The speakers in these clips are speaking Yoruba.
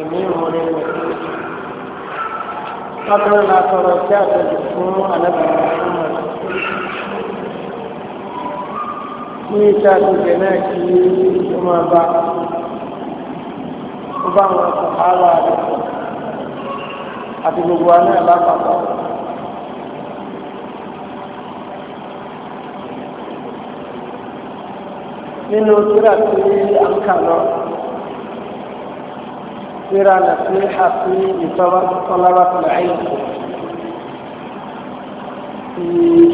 èmi ìrọ̀lẹ́ rẹ̀. Bákan náà sọ̀rọ̀ sí àtẹ̀jù fún alábàárà fún ọ̀rọ̀. Ní iṣẹ́ àtúnṣe náà kí ó máa bá ó bá wọn sọ àárọ̀ àdúgbò àti gbogbo wa náà Nínú tíra tí a ń kà lọ. سيرة نصيحة في لطلبة العلم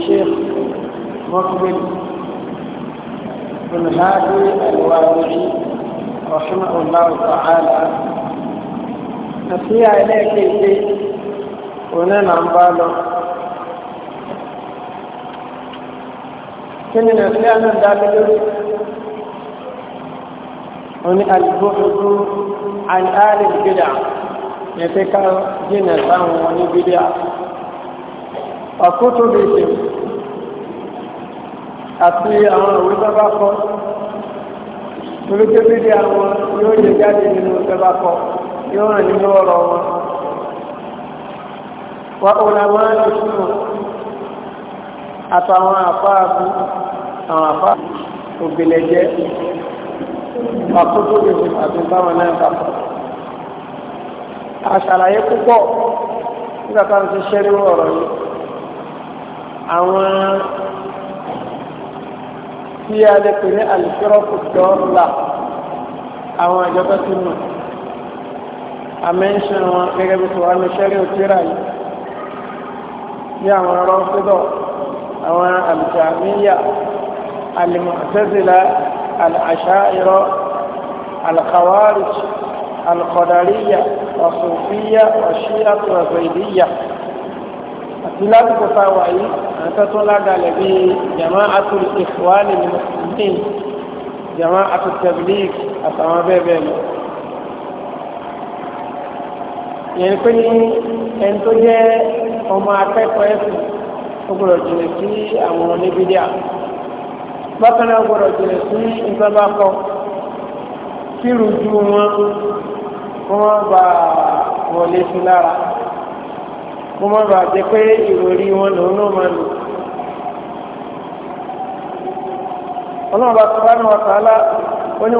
شيخ مقبل بن هادي الوالعي رحمه الله تعالى نصيحة إليك ونن عن باله كن نصيحة من ذلك ونألبعد àìláàlè bídà ní pé ká jìnà sáwọn wọn ní bídà ọ̀kútù bìtì àti àwọn òwe bábá kọ olùkẹ́ bídà wọn yóò lè jáde nínú bábá kọ yóò rìn nínú ọ̀rọ̀ wọn wa ọ̀làwọ́ ìṣúná àtàwọn àfáàbù àwọn àfáàbù òbílẹ̀ jẹ́ àkótó gbèsè àti báwọn náà dàpọ̀. àṣàlàyé púpọ̀ nígbà táwọn ti ṣẹ́ nínú ọ̀rọ̀ yìí àwọn tí a lè pè ní àlùfẹ́rọ́pù dọ́ọ̀là àwọn ìjọba ti mọ̀ àmẹ́ńṣẹ́ wọn gẹ́gẹ́ bí tòwá ní ṣẹ́rí òtíra yìí bí àwọn arọ́fídọ̀ àwọn àlùfẹ́ àmìyà àlùmọ̀tẹ́sílá العشائر الخوارج القدرية والصوفية والشيعة والزيدية الثلاث تفاوعي أن تتلقى به جماعة الإخوان المسلمين جماعة التبليغ أسامة بيبين yẹn pé ní ẹni tó jẹ́ ọmọ akẹ́kọ̀ọ́ ẹ̀sìn ó jìnnà sí àwọn oníbídíà bákan náà gbọ́dọ̀ jìnnà sí nǹkan kọ wọn kó bá wọlé sí lára kó bá pé ìròrí wọn náà máa lò. ọlọ́run bá ó ní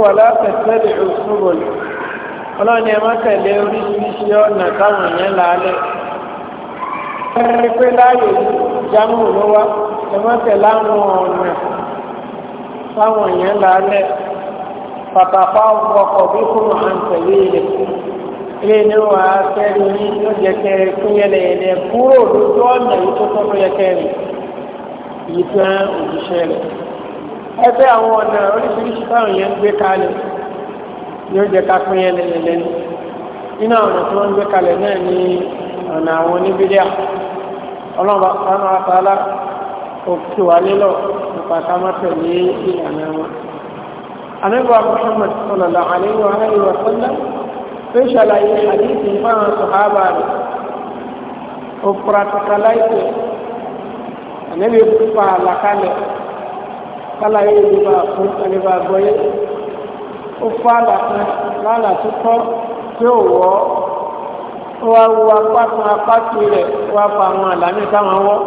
tẹ̀sẹ̀ lè ọlọ́run ẹ má tẹ̀lé fáwọn èèyàn lálẹ́ pàtàkó ọkọ̀ bí fún àǹtẹ̀lé ilẹ̀ ilé ní wà á fẹ́rí ní yóò jẹ́ kẹrẹ fún nye yẹlẹ kúrò lójú ọ̀nà yìí tó tọ́ tó yẹ kẹrẹ yìí tán òjíṣẹ́ rẹ̀ ẹgbẹ́ àwọn ọ̀nà oríṣiríṣi táwọn yẹn ń gbé kalẹ̀ yóò jẹ́ ká fún yẹlẹ yẹlẹ ní nínú ọ̀nà ń gbé kalẹ̀ náà ní ọ̀nà àwọn fà ká má tẹ̀lé ìlànà wọn. Àníbà Muhammad sallallahu alaihi wa alihi wa sallam fẹ́ ṣàlàyé àdíjì fáwọn sọ̀hábà rẹ̀. Ó pàtàkà láìpẹ́. Àníbà fa àlàkalẹ̀. Kálàyé ìdìbò àfún àníbà gbọ́yé. Ó fa àlàkan lálà tó tọ́ tí ó wọ́. Ó wá wo apá kan apá kiri rẹ̀ wá fa àwọn àlàní táwọn wọ́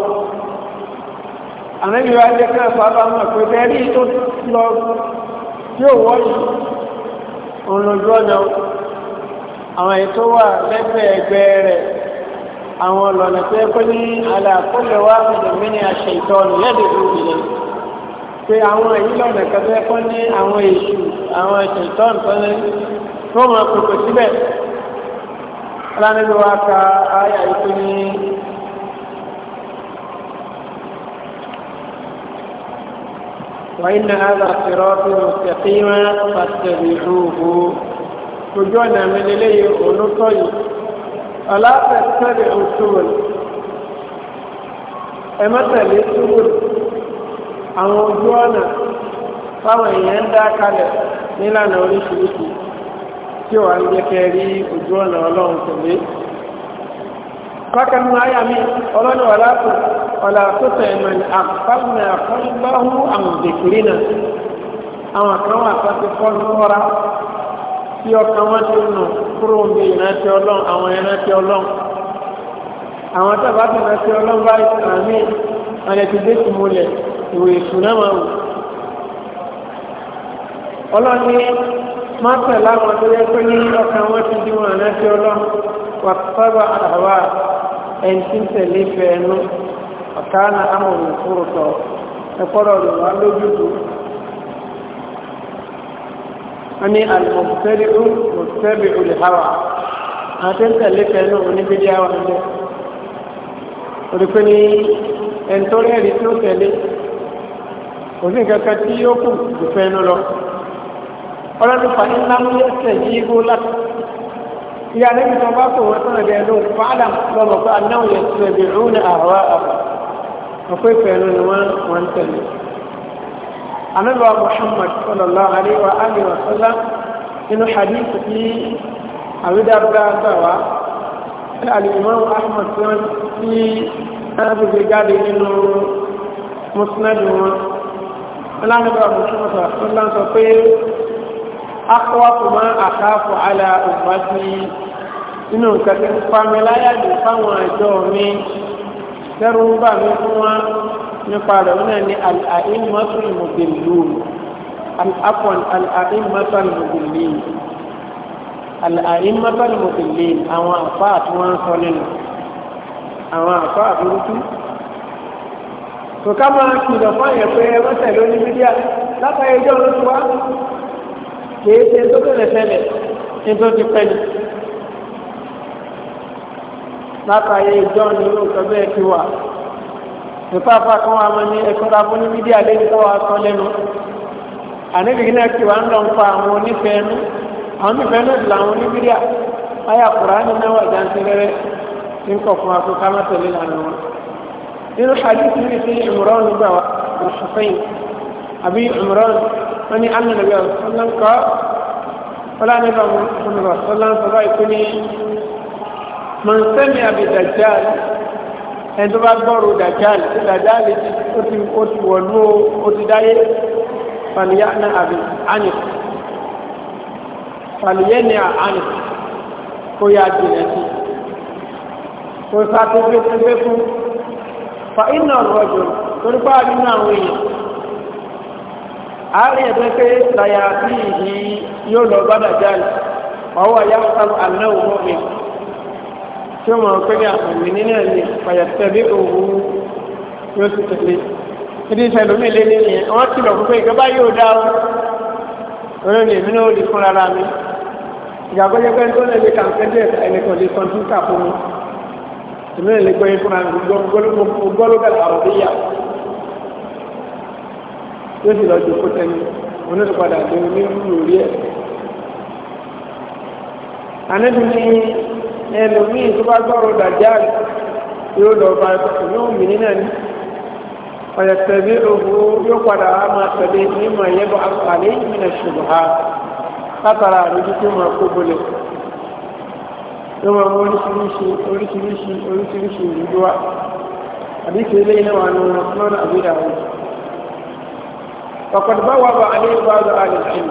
àmẹ́bíwá jẹ́ kí ọ̀pá bá mọ̀ pé bẹ́ẹ̀rí tó lọ tí ó wọ́ yìí òun lójú ọ̀nà àwọn èyí tó wà lẹ́gbẹ̀ẹ́ ẹgbẹ́ rẹ̀ àwọn ọlọ́nà tó yẹ kó ní aláàkólẹ̀ wá mọ̀lẹ́mí ni àṣẹ ìtọ́nù lẹ́dẹ̀ tó ìlẹ̀ pé àwọn èyí lọ́nà kan tó yẹ kó ní àwọn èṣù àwọn àṣẹ ìtọ́nù tó ní tó mọ̀ pẹ̀pẹ̀ síbẹ̀ lánàá ló wá ka ayà yìí tó ní وإن هذا صراطي مستقيما فاتبعوه تجونا من إليه ونطي ألا تتبعوا السبل أمتى للسبل àwọn ojú ọ̀nà fáwọn èèyàn ń dá kalẹ̀ nílànà oríṣiríṣi tí wàá ń jẹ́ kẹ́ rí ojú ọ̀nà ọlọ́run tẹ̀lé bákan náà ayà mi ọlọ́nà ọ̀làkùtà ìmọ̀n àpáàmì àkọ́gbáhù àwọn ìdèkìrí náà àwọn kan wà sáfẹ́ fọ́nù ọ̀rá tí ọkàn wọn ti nù kúrò ń bí ìrántí ọlọ́run àwọn ìrántí ọlọ́run àwọn tábà tó ìrántí ọlọ́run bá ìsàmì ọ̀nà ti dé tìmọ̀lẹ̀ ìwé ìsúná máa wù. ọlọ́run ní máa tẹ̀lé àwọn tó yẹ pé ní ọkàn wọn ti di wọn ìrántí ọlọ́run wà sábà àwa ẹni tí ń tẹ̀lé ìfẹ́ ẹnu ọ̀kánà amòrò ìfúrùtọ̀ ẹ̀kọ́rọ̀ rẹ̀ wá lójútùú wọ́n ní alìmọ̀tẹ́rì ó mọ̀tẹ́rì olùhàwà àti ń tẹ̀lé ìfẹ́ ẹnu oníbídí ẹgbẹ́ òrùpẹ́ ní tí ó tẹ̀lé kò sí tí ó kù ìfẹ́ ẹnu lọ ọlọ́dún fàáyín lámúyẹ́sẹ̀ yígbó láti ìyá lẹ́yìn tó bá sọ̀rọ̀ sọ̀rọ̀ bẹ́ẹ̀ ló fàdà lọ́mọ pé anáwó yẹn ti rẹ̀ rú ní àrọ́ àbọ̀ ọ̀pẹ́ ìfẹ́nu ni wọ́n wọ́n tẹ̀lé. anábà Muhammad sallallahu alaihi wa alihi wa sallam inú hadith tí àwídàgbà gbàwá tí alìmọ́ Ahmad tí wọ́n ti arábìgbé jáde nínú musnad wọn. alábà Muhammad sallallahu alaihi wa sallam sọ pé akọ́wàpọ̀ máa àkáàfọ̀ àlà ummati inú nǹkan tí ń pamẹ́ láyàdì fáwọn àjọ mi tẹ́rù ń bà mí fún wa nípa rẹ̀ wọn ni al-a'immatu al-mudillun al-afwan al-a'immatu al-mudillin àwọn àfa àti ń sọ nínú àwọn àfa àbúrúkú kò kìlọ̀ fún àyẹ̀pẹ́ mọ́tẹ̀ lónìí mídíà látàrí ẹjọ́ kìí ṣe tó bẹ̀rẹ̀ tẹ́lẹ̀ ní tó ti pẹ́ ni látàyè ìjọ ni irú nǹkan bẹ́ẹ̀ ti wà ìpápá kan wà máa ní ẹ̀kọ́ra fún ní mídíà lẹ́yìn tó wà sọ lẹ́nu àníbi náà ti wà ń lọ pa àwọn onífẹ̀ẹ́ nú àwọn onífẹ̀ẹ́ náà ti làwọn onímídíà ayà kùrà ní náà wà jáǹtì rẹ́rẹ́ ní kọ̀ọ̀kan àti kámá tẹ̀lé lànà wọn. nínú hadith mi ti Imran gbà wá ìṣùfẹ́yìn àbí Imran wọ́n ní alẹ́nàbí ọ̀sán kọ́ ọlọ́nàbí ọ̀sán sọ́lá ìpín ní mọ̀nsẹ́mi àbí dàjáàlì ẹni tó bá gbọ́rù dàjáàlì tí dàjáàlì ó ti wọ̀lú ó ti dáyé fàlìyà ní àbí ánìf fàlìyà ní àánìf kó yá jìnà sí kó sáté gbé fún fa iná rọ̀jò torípáà nínú àwọn èèyàn àárín ẹ̀dọ́ pé ṣàyà sí ìhì yóò lọ bá dàjáàlì ọwọ́ ya ń sáré àlẹ́wò mọ́mí tí ó mọ̀ pé ní àtàmì nínú ẹ̀mí fàyàtẹ̀lé òwú yóò sì tẹ̀lé ìdí ìṣẹ̀lómi lé nínú yẹn wọ́n ti lọ fún pé ìjọba yóò dá o orí ni èmi náà ó lè fúnra ra mi ìgbàgbọ́ yẹ pé tó lè lè kàǹkẹ́ díẹ̀ ẹnìkan lè kọ́ńtúntà fún mi èmi lè gbọ́ yẹ fúnra mi gbọ́ yóò sì lọ ju kó tẹ́ni oníṣùpadà tó ní lórí ẹ̀. àníbi ni ẹlòmíì tó bá gbọ́rọ̀ dàjà yóò lọ bá yóò mì nínà ní ọ̀yẹ̀tẹ̀bí òhu yóò padà wá máa tẹ̀lé nímọ̀ ìyẹ́bọ̀ àkàlẹ́ ìmìnà ṣùgbọ́n ha látara àrùjú tó máa kó bolẹ̀ tó máa mú oríṣiríṣi oríṣiríṣi oríṣiríṣi ìrújú wa àbí kéré náà wà nínú lọ́nà àbúdà wọn ọ̀pọ̀ tó bá wà bá alẹ́ ìgbà ọ̀dọ̀ alẹ́ ìsìn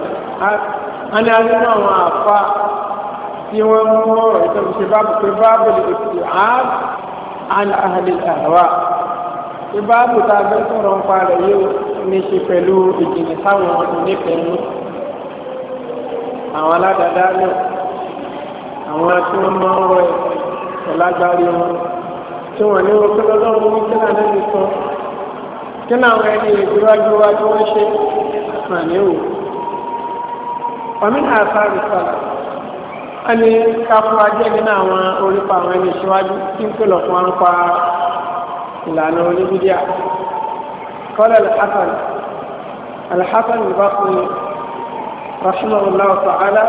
a ní alẹ́ náà wọn àfa tí wọ́n mú ọ̀rọ̀ ìtọ́jú ṣe báàbù pé báàbù lè fi àb àlẹ́ àhàlẹ́ àwa pé báàbù tá a fẹ́ sọ̀rọ̀ ń pa rẹ̀ yóò ní ṣe pẹ̀lú ìjìnlẹ̀ táwọn onífẹ̀ẹ́nu àwọn aládàáda náà àwọn tí wọ́n máa kí làwọn ẹni ìdíwájú wa tí wọ́n ṣe màníwò ọmọnà àfáàrí sọ̀rọ̀ wọ́n ní káfọ́ ajé nínú àwọn orípa àwọn ẹni ìṣíwájú tí ń pè lọ fún wọn pa ìlànà oníbídíà kọ́lá alhassan alhassan al-Basri ta'ala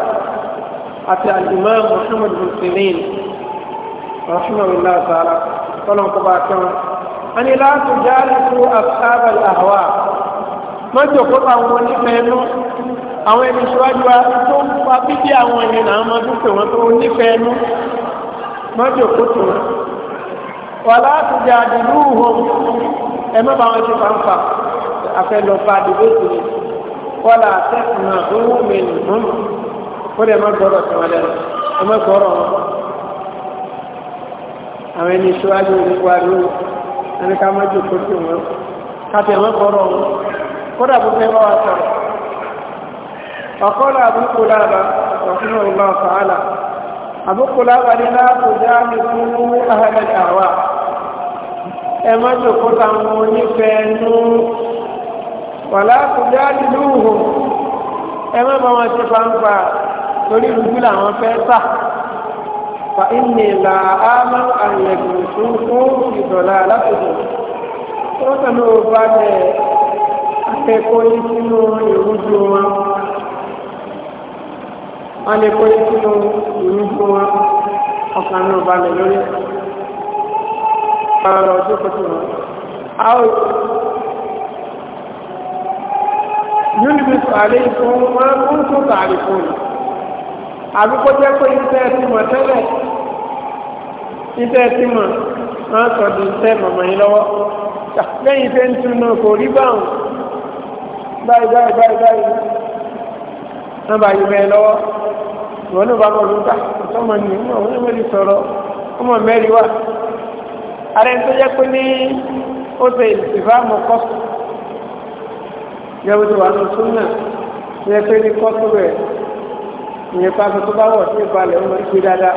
àti imam muhammad bin sirin rahimahullah ta'ala kọ́lá ń kọ́ wọ́n ní láti jáde tó àfáàbàlì àwa mọ́jọ kó àwọn onífẹ́ẹ́nú àwọn ẹni ṣíwájú wa tó ń fa bíbí àwọn ẹni náà máa dúpẹ́ wọn tó onífẹ́ẹ́nú mọ́jọ kó tó wà láti jáde lúhùn ẹ má bá wọn ṣe fanfa afẹ́lọ́ba dìbò tó yẹ wọ́n là tẹ̀sán mi nù ó dẹ̀ má gbọ́dọ̀ tó wọn lẹ́nu ẹ má gbọ́dọ̀ wọn àwọn ẹni ṣíwájú wa lóhùn ẹni ká mọ́jú kó tí wọ́n káti ẹ̀mọ́ kọ́rọ̀ wọn kódà bó fẹ́ bá wa sọ̀rọ̀ ọ̀kọ́lá àbúkù lába ọ̀fún ọ̀gbà fàálà àbúkù lába ní láàbù dáàmì fún ahàlẹ̀ àwà ẹ̀mọ́ jù kó táwọn onífẹ̀ẹ́ nú wàlá kù dáàmì lúhùn فإني لا آمن أن يدرسوكم في ضلالتكم rọ́tàn náà bá lẹ̀ akẹ́kọ̀ọ́ yìí sínú ìrújú wọn alẹ́kọ̀ọ́ yìí sínú ìrújú wọn ọkàn náà bá lẹ̀ lórí ọ̀rọ̀ tó kọ́ sí wọn. yúnibí sàlẹ̀ ìfún wọn ń tún sàlẹ̀ fún mi àbíkọ́ jẹ́ pé iṣẹ́ ti mọ̀ tẹ́lẹ̀ iṣẹ́ tí mọ̀ máa sọ di iṣẹ́ mọ̀mọ́ yín lọ́wọ́ lẹ́yìn iṣẹ́ ń tún náà kò rí báwọn báyìí báyìí báyìí báyìí wọ́n bá yí bẹ́ẹ̀ lọ́wọ́ ìwọ́n náà bá mọ̀ ló ká ọmọ nìyí mọ̀ wọ́n mọ̀ lè sọ̀rọ̀ ọmọ mẹ́rin wà ààrẹ tó yẹ pé ní ó ṣe ìfàmù kọ́sù yẹ́wọ́n ti wà ní súnà yẹ pé ní kọ́sù rẹ̀ ìyẹn pàṣẹ tó bá wọ̀ sí ìbalẹ̀ ọmọ ìgbé dáadáa.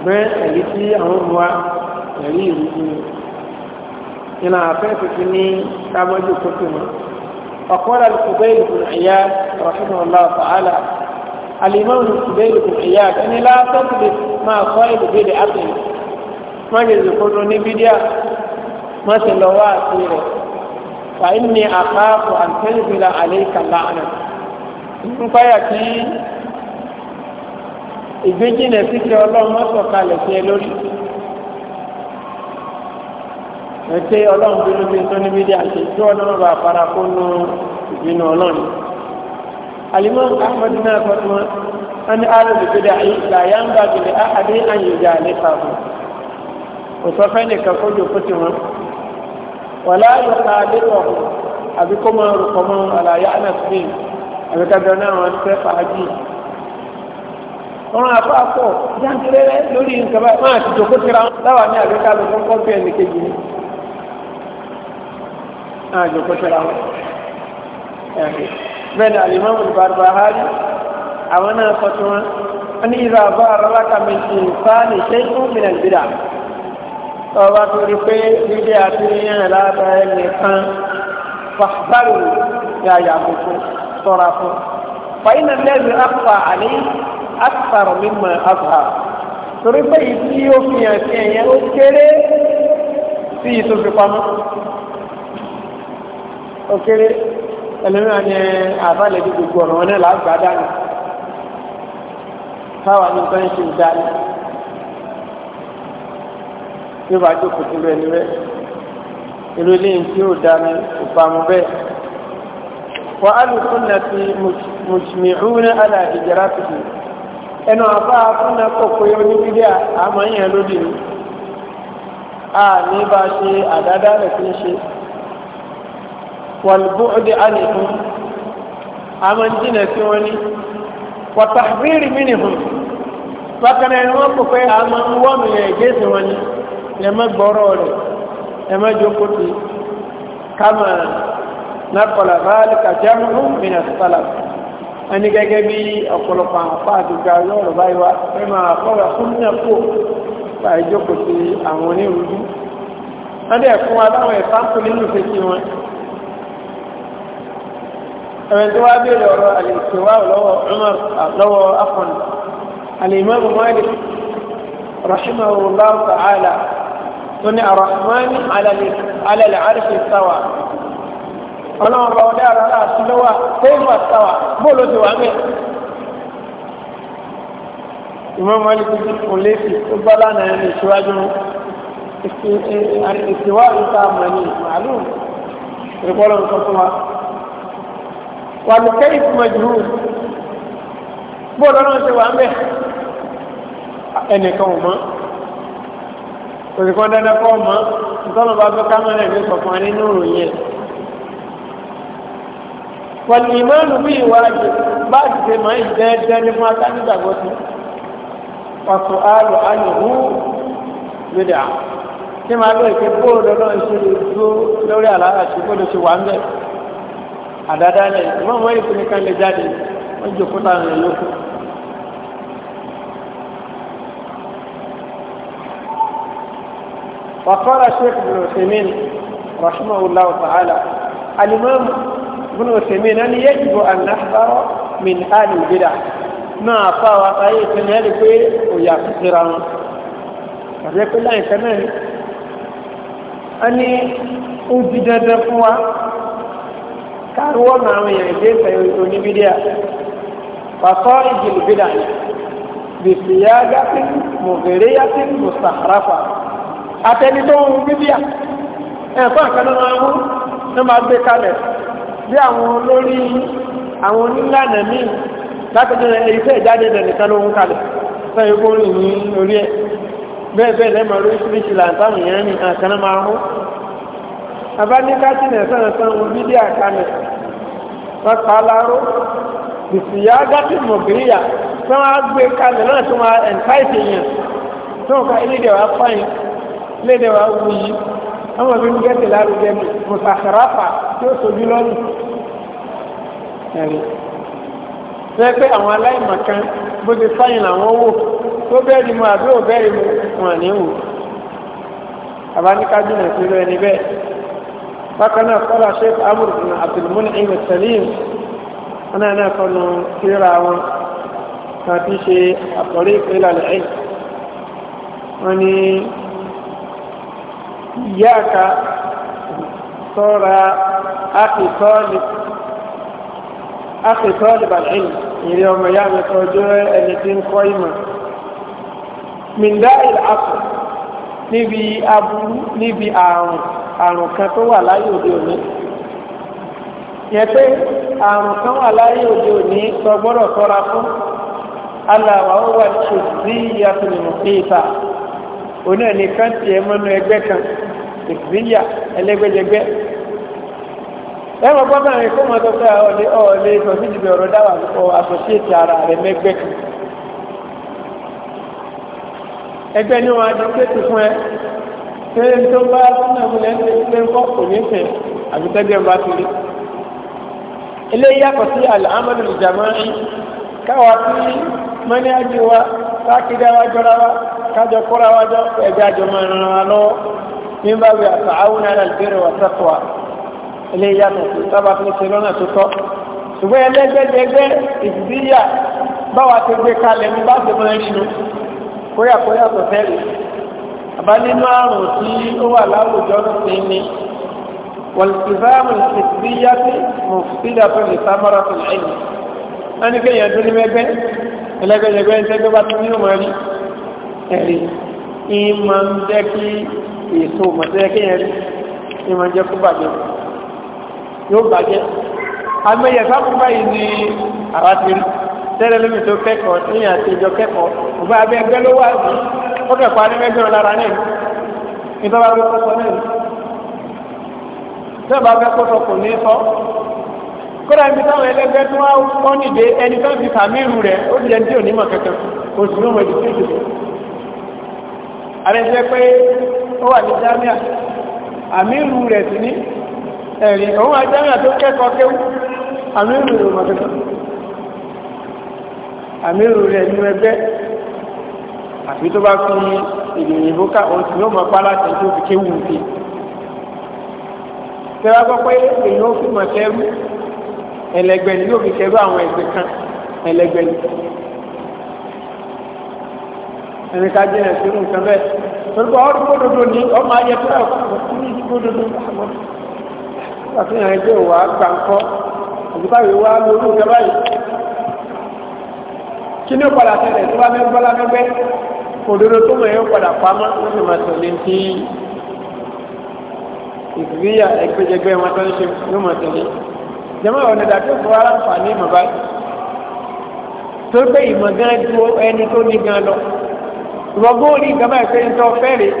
ṣùgbọ́n èyí tí àwọn ọmọ wa ẹ̀rí ìlú fún mi nínú àfẹ́ tuntun ní kámọ́jú kókò mọ́ ọ̀kọ́ra al-Fudail ibn Iyad rahimahullah ta'ala al-Imam al-Fudail ibn Iyad ẹni látọ́kù lè máa kọ́ ibùgbé de ápè má lè lè kódó ní bídíà má sì lọ wá àti rẹ̀ fa inni akhafu an tanzila alayka la'na ń pàyà kí ìgbéjìnlẹ̀ síkẹ́ ọlọ́run sọ̀kalẹ̀ sí ẹ lórí ẹ̀tẹ́ ọlọ́run bínú bí tó níbi dí àṣẹ tí wọ́n náà bá fara kó nu ìbínú ọlọ́run alimọ́ ahmed náà kọ́tùmọ́ wọn ní àrùn ìgbéda ayé làyà ń bá gbèlè àdé àyèjà nípa fún kò sọ fẹ́ nìkan kó jòkó tì wọ́n wọ́n láàyò ká dé wọ̀ àbí kó máa rò kọ́ mọ́ àlàyé ànàfíì àbí ká gbẹ́ náà wọ́n fẹ́ fàájì ọ̀run àpapọ̀ jáńkéré lórí nǹkan báyìí máa ti jòkó síra láwa ní àgbéká lọ fún kọ́ńtì ẹnì kejì ní. máa jòkó síra wọn. bẹ́ẹ̀ ni àlìmọ́ olùbàdàn bí eni àwọn náà sọ tí wọ́n wọ́n ní ìlú àbá aráláka méjì sáàlì ṣé fún mìíràn gbéra. ọba tó rí pé dídé àti yíyan láàbá ẹnì kan fàbárò yàyà àbùkù tọ́ra fún. fàyínà lẹ́yìn àpò àlẹ́ akthar mimma azhar torí pé ìtí ó fi hàn sí ẹ̀yẹn ó kéré sí ìtò fipamọ́ ó kéré ẹlẹ́mìíràn ni àbálẹ̀ ní gbogbo ọ̀nà wọn náà lágbàá dání táwa ní nǹkan ṣe ń dání tí ó bá jókòó tó rẹ̀ níbẹ̀ irú ilé tí ó dání kò bẹ́ẹ̀. wa alu sunnati mujmi'una ala hijratihi ẹnu àbá fúnná kòkó oníbídé àmọ́yìn lóde ní a ní bá ṣe àdáda rẹ̀ fi ń ṣe wàlúbú ọdẹ ànìkún àmọ́ ń jìnà sí wọn ní wàtà rírì mínìhùn bákan ẹni wọn kò pé àmọ́ ń wọ́n yẹn ìgbésẹ̀ wọn ní lẹ́mọ́ gbọ́rọ̀ rẹ̀ lẹ́mọ́ jókòó ti kama nàkọlà báàlì kàjá mú mìíràn sálàmù ẹni gẹ́gẹ́ bí ọ̀pọ̀lọpọ̀ àǹfà àdúgbà lọ́rọ̀ báyìí wá ẹ máa kọ́ra fún náà kò bá ìjókòó sí àwọn onírúurú wọ́n dẹ̀ fún wa láwọn ẹ̀fáǹkù nínú ìfẹ́sí wọn ẹ̀rẹ̀ tó wá bèèrè ọ̀rọ̀ àlèkèwà lọ́wọ́ afọ̀nà alìmọ́bù mọ́lì ọlọ́run bá ọdẹ ara láti lọ́wọ́ kéyìn wà sáwà bóòlù ti wà mẹ́. ìmọ̀ mọ́lẹ́kì ti kò léèkì tó bá lánàá ẹni ìṣíwájú ìṣèwà ìta mọ̀ni màálù ìrìkọ́lọ́ nǹkan fún wa. wà ní kẹ́yìn fún mẹ́jùrù bóòlù ọlọ́run ti wà mẹ́ ẹnìkan ò mọ́ òṣìkan dandan kọ́ mọ́ ìtọ́nà bá fẹ́ kámẹ́rà ẹ̀mí sọ̀kan nínú ìròyìn ẹ̀ pẹ̀lú ìmọ̀lù bí ìwádìí bá ti ṣe máa ń dẹ́ẹ́dẹ́ ní fún akánígbàgbọ́ sí ọ̀sùn àrò àyẹ̀wò gbèdà tí máa lọ ìpè bóòlù náà ṣe lè dúró lórí àlàáfà tí kò lè ṣe wà ń bẹ̀ àdáadáa lẹ̀ ìmọ̀ wọ́n yìí fún kan lè jáde wọ́n jòkó láàrin yòókù. وقال الشيخ ابن عثيمين رحمه الله تعالى الإمام ìbúnú òsèmí náà ni yẹ́ jùlọ àlàbárọ̀ mi ní àlè ìgbéra náà fà wá sáyé ìpínlẹ̀ ẹ̀rí pé òyà tó síra wọn àti pé láì fẹ́ náà ni a ní ó di dandan fún wa káàrúwọ́ náà àwọn èèyàn ìdí ìfẹ́ oníbídíà pàtó ìjìnlẹ̀bídà bìsì yá gàtí mọ̀gẹ̀rẹ́ yàtí mùsàkàràfà àtẹnitọ́ ohun bíbíà ẹ̀kọ́ àkànnà máa mú sí àwọn olórí àwọn onílànà míì látọjọ iṣẹ́ ìjáde dẹnìkan ló ń kalẹ̀ fẹ ikú rìn ní orí ẹ bẹ́ẹ̀ bẹ́ẹ̀ lẹmọ oríṣiríṣi làǹtàmù yẹn ní àkànná máa mú abáníkàtì nà sàn sàn òbí dí àkànná wọn pa á láró bìsìyà gàtì mọ̀gìrìyà tí wọ́n á gbé kalẹ̀ náà tí wọ́n á ẹ̀ńtáìtì yẹn tí wọ́n ká ilé ìdẹ̀wà fáyín ilé ìdẹ̀wà wuyì ọmọ mi ní gẹ́tẹ̀ lárugẹ mi mùsàkàràfà tí ó sojú lọ́nù ẹ̀rí fẹ́ pé àwọn aláìmọ̀kan bó ti sáyìn làwọn wò tó bẹ́ẹ̀ ni mo àbí ò bẹ́ẹ̀ ni mo wà ní wò àbáníkájú náà sí lóyún níbẹ̀ bákan náà kọ́lá sheikh amur bin abdulmuni ibn salim wọn náà náà kọ́nu síra wọn kan ti ṣe àkọ́rí ìpínlẹ̀ àlẹ́ wọn ni ìyáàka sọ́ra àkìtọ́lì bàlẹ́yìn ìrẹ́ ọmọ yá mi tọ́jú ẹni tí ń kọ́ ìmọ̀ mindai asu níbi aburú níbi àrùn àrùn kan tó wà láyé òde òní yẹn pé àrùn kan wà láyé òde òní sọ gbọ́dọ̀ ṣọ́ra fún aláwọ̀ wà ṣe sí ìyàtọ̀ nínú kéèta oní ẹnìkan tiẹ̀ mọ́nú kan ìpínlẹ̀ ẹlẹ́gbẹ́jẹgbẹ́ ẹ̀rọ gbọ́dọ̀ rẹ̀ kó máa tọ́jú ọ̀lẹ́ ọ̀lẹ́ ìtọ́síjì bí ọ̀rọ̀ dáwà ọ àsọ̀síètì ara rẹ̀ mẹ́gbẹ́ kan ẹgbẹ́ ni wọn adi kéèkì fún ẹ ṣé n tó bá sínú ìmúlẹ̀ ní ìpínlẹ̀ kò ní fẹ̀ àbítẹ́gbẹ́ ń bá kiri eléyìí tí wa kájọ kóra wájọ ẹgbẹ́ àjọ máa ràn án lọ́wọ́ ní bá wí àtàwọn ará ìbéèrè wà sẹ́kọ̀ọ́ ilé ìyàtọ̀ tó sábà fi ṣe lọ́nà tó tọ́ ṣùgbọ́n ẹlẹ́gbẹ́gbẹ́ ìdíyà báwa ti gbé kalẹ̀ ní bá ṣe máa ń ṣe kóyà kóyà tó fẹ́rẹ̀ àbá nínú àrùn tí ó wà láwùjọ ní ní wọ̀lùsìfáàmù ìdíyà tí mo fi dàtọ̀ lè sámọ́ra tó lẹ́yìn ẹ̀rí ìmọ̀ ń jẹ́ kí èso mọ̀tẹ́ kí ẹ̀rí ìmọ̀ jẹ́ kó bàjẹ́ yóò bàjẹ́ amẹ́yẹ sábúgbà yìí ni àwa ti rí tẹ́lẹ̀ lómi tó kẹ́kọ̀ọ́ ní àtijọ́ kẹ́kọ̀ọ́ òfin abẹ́ ẹgbẹ́ ló wà ní ó kẹ́kọ̀ọ́ anímẹ́gbẹ̀rún lára náà ìtọ́ba bí kò sọ náà tẹ́lẹ̀ bá kò sọ kò ní sọ kódà níbi táwọn ẹlẹ́gbẹ́ tó wá kọ́ nìde ẹni tó ti sàmírù rẹ̀ ó ti jẹ́ ní onímọ̀ kẹ́kẹ́ kò sí ní ọmọ ìdíje ìdíje àrẹ́sẹ́ pé ó wà ní jami'a àmìrù rẹ̀ sí ní ẹ̀rì òun wà jami'a tó kẹ́kọ̀ọ́ kéwú àmìrù rẹ̀ mọ̀kẹ́kọ̀ àmìrù rẹ̀ ní ẹgbẹ́ àfi tó bá fi ìròyìn bóká òun sì yóò mọ̀ pa láti tó fi kéwú sí tẹ́wà gbọ́ pé èyí ó fi mọ̀ kẹ́rú ẹlẹgbẹ́ ẹni ká jẹ́ ẹ̀ sínú nǹkan bẹ́ẹ̀ torí pé ọdún gbódodo ni ọmọ ayẹ pé ọkùnrin ní ìdí gbódodo àwọn àfihàn ẹgbẹ́ òwà gbàǹkọ́ òdìbá yìí wá lórí nǹkan báyìí kí ni ó padà ṣẹlẹ̀ tó bá mẹ́rin bọ́lá mẹ́gbẹ́ òdodo tó mọ̀ yóò padà pamọ́ wọ́n sì máa tẹ̀lé ti ìgbéyà ẹgbẹ́jẹgbẹ́ wọn tó ń ṣe yóò máa tẹ̀lé jẹ́mọ́ ọ̀nà ìdàgbé fún aláǹfààní ìmọ̀ báyìí tó gbé ìmọ̀ gan ju ẹni tó ní gan lọ ìwọ̀gbọ́ orí ìgbàmọ́ ẹ̀fẹ́ ìtọ́ fẹ́rẹ̀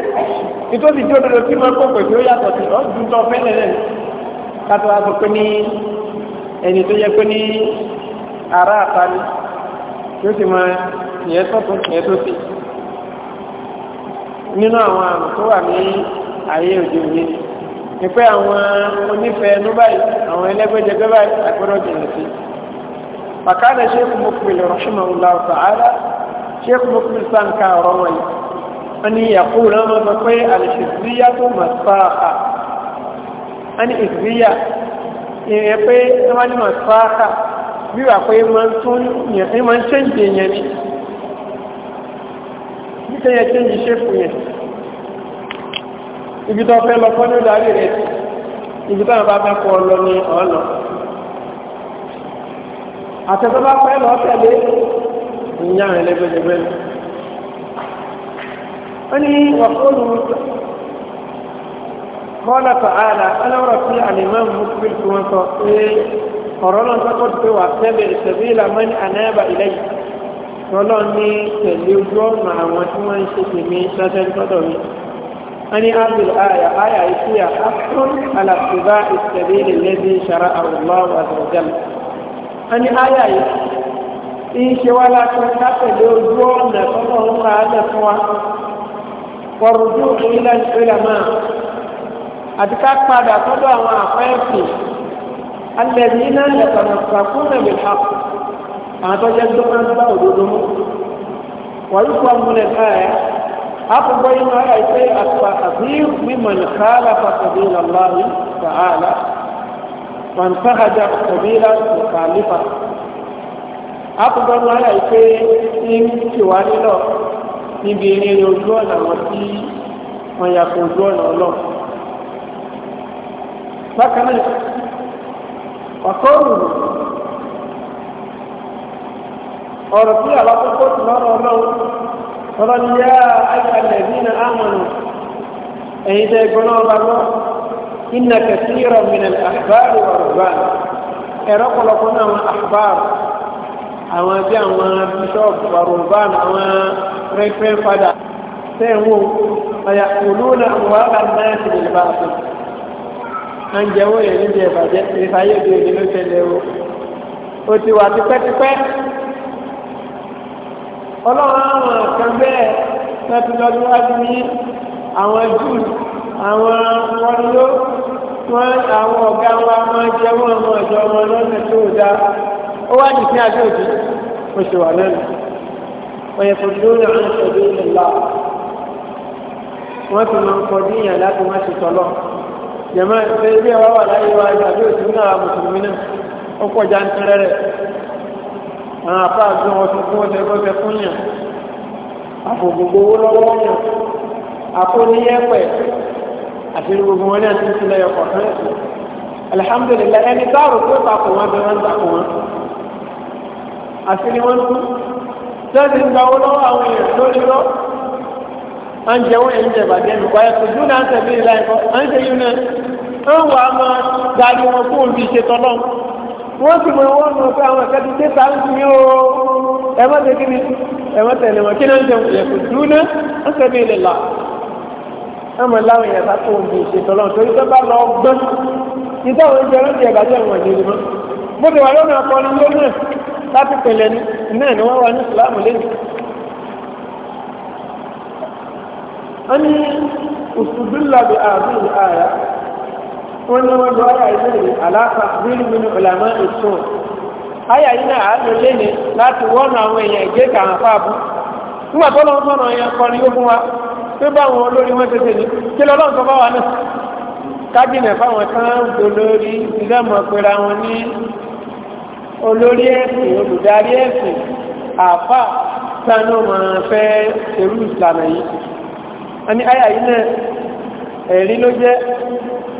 ìtòsí tí òdodo tí wọ́n kọ̀ọ̀kọ̀ tí ó yàtọ̀ sí ọ́ ju tọ́ fẹ́lẹ̀ rẹ̀ kátó wá sọ pé ní ẹni tó yẹ pé ní ará àpárí tí ó sì mọ ìyẹn tọ́tún ìyẹn tó sì nínú àwọn àrùn tó wà ní ayé òde òní ni pé àwọn onífẹ̀ẹ́ ẹnu báyìí àwọn ẹlẹ́gbẹ́jẹgbẹ́ báyìí àgbẹ̀rọ̀ jìnnà sí. bàkánà ṣe é fún mọ́kùnrin rọ̀ṣùmọ̀ ọ̀la ọ̀tọ̀ sheikh muslim san ka ọ̀rọ̀ wọn yìí wọn ni yàkú náà wọn sọ pé alìṣìṣìyà tó mọ̀ sáà wọn ni ìṣìṣìyà ìrìn pé wọn ni mọ̀ sáà bí wà pé wọn tún yẹn wọn ṣèǹdè yẹn ni nítorí yẹn ṣèǹdè ṣèfù yẹn ibi tó fẹ́ lọ fọ́ ní ìdarí rẹ̀ ibi tó bá fẹ́ kọ́ lọ ní ọ̀nà àtẹ̀tọ́ bá fẹ́ lọ tẹ̀lé ìyáhùn ẹlẹ́gbẹ́lẹ́gbẹ́ ni wọ́n ní wàkóòlù kọ́lá tààlà aláwọ̀rọ̀ sí àlèmọ́ mùsùlùmí tí wọ́n sọ pé ọ̀rọ̀ náà sọ́kọ́ ti pé wà tẹ́lẹ̀ ìṣẹ̀bí ìlàmọ́ ní ànáyàbà ilẹ̀ yìí tọ́lọ́ ní tẹ̀lé ojú ọ̀nà àwọn tí wọ́n ń ṣe tí ń ṣe wá láti látẹ̀lé ojú ọ̀nà tọ́lọ́ ń ra alẹ́ fún wa wọ̀rùdú ìlà ìpínlẹ̀ máa àti ká padà sọ́dọ̀ àwọn àpẹ́ẹ̀sì alẹ́bí iná lẹ́tọ̀nà sàkúnà lè ha àwọn tó jẹ́ tó máa ń bá òdodo mú wàlú kọ́ múlẹ̀ káyà àkùgbọ́ inú ayà ìpé àfihàn mímọ̀ nìkàlà fàtàbí lọ́láhì sàálà wọn fàájà sàbílà sàkàlífà àkùnbọ̀n wọn láì pé ní tiwa nílọ níbi eré ojú ọ̀nà wọn tí wọ́n ya kó ojú ọ̀nà ọlọ́ bákan náà ọ̀kọ́rù ọ̀rọ̀ tí àlọ́kọ́kọ́ ti lọ́rọ̀ ọlọ́run ọ̀rọ̀ ni yá ayélujára ní àmọ̀nà ẹ̀yin gbọ́nà ọba gbọ́ inna kẹsìrọ̀ mìíràn àgbáàrò ọ̀rọ̀ gbà ẹ̀rọ pọ̀lọpọ̀ náà àgbáàrò àwọn bí àwọn bíṣọ́ọ̀bù barobán àwọn rẹ́pẹ́ padà sẹ́wọ́ ọ̀yà olóòlà wàhálà náà ti lè bá fún à ń jẹ́wọ́ yẹn níbi ìbàjẹ́ ìfàyè òde òde ló tẹ̀lé o ó ti wà tipẹ́tipẹ́ ọlọ́run àwọn kan bẹ́ẹ̀ láti lọ́dún wájú ní àwọn júù àwọn wọ́nló wọ́n àwọn ọ̀gá wa máa jẹ́wọ́ ọmọ ìjọ wọn lọ́sẹ̀ tó dáa. وأن يتابعون مشوارنا ويصدون عن سبيل الله وفي قضية لا تمشي صلاة جماعة سيدي وهو لا يواجه بيوت من المسلمين وقو جان ترى أنا أفعل جمع سبوة سيكون سيكون أفو بقول الله أقول لي أفو أسير بقولنا سيكون الحمد لله أنا دارو كنت أقوى بمن تقوى àti ni wọ́n kú sẹ́ẹ̀sì ń gba owó lọ́wọ́ àwọn èèyàn lórí lọ à ń jẹun ẹ̀ ń jẹ bàjẹ́ nípa ẹ̀ kò dúró náà tẹ̀lé ìlà ẹ̀kọ́ à ń ṣe yín náà ń wà á máa darí wọn fún òbí ìṣètò náà wọ́n sì mọ wọ́n mọ pé àwọn ìkẹ́tù tẹ́ ta ń sùn yín o ẹ má tẹ́ kíni ẹ má tẹ̀lé wọn kí náà ń jẹun ẹ̀ kò dúró náà ń tẹ̀lé ìlẹ̀ là á mọ̀ láwọn èèyàn bá tó òbí ìṣètò náà torí tó bá lọ gbọ́n ìtàwọn oúnjẹ ló ń jẹ ìbàjẹ́ wọn ní ìlú mọ́ mo láti pẹ̀lẹ̀ ní náà ni wọ́n wà ní ìsìláàmù lẹ́nu wọ́n ní òṣùdúlàbí ààbí ààyà wọ́n ní wọ́n lọ ayà ìlẹ́rìí aláfà rírí nínú ìlànà ètò ayà yìí náà láti wọ́n àwọn èèyàn ìgbé ni olórí ẹ̀sìn olùdarí ẹ̀sìn àfà tánú máa fẹ́ ṣerú ìsìlànà yìí a ní àyà yìí náà ẹ̀rí ló jẹ́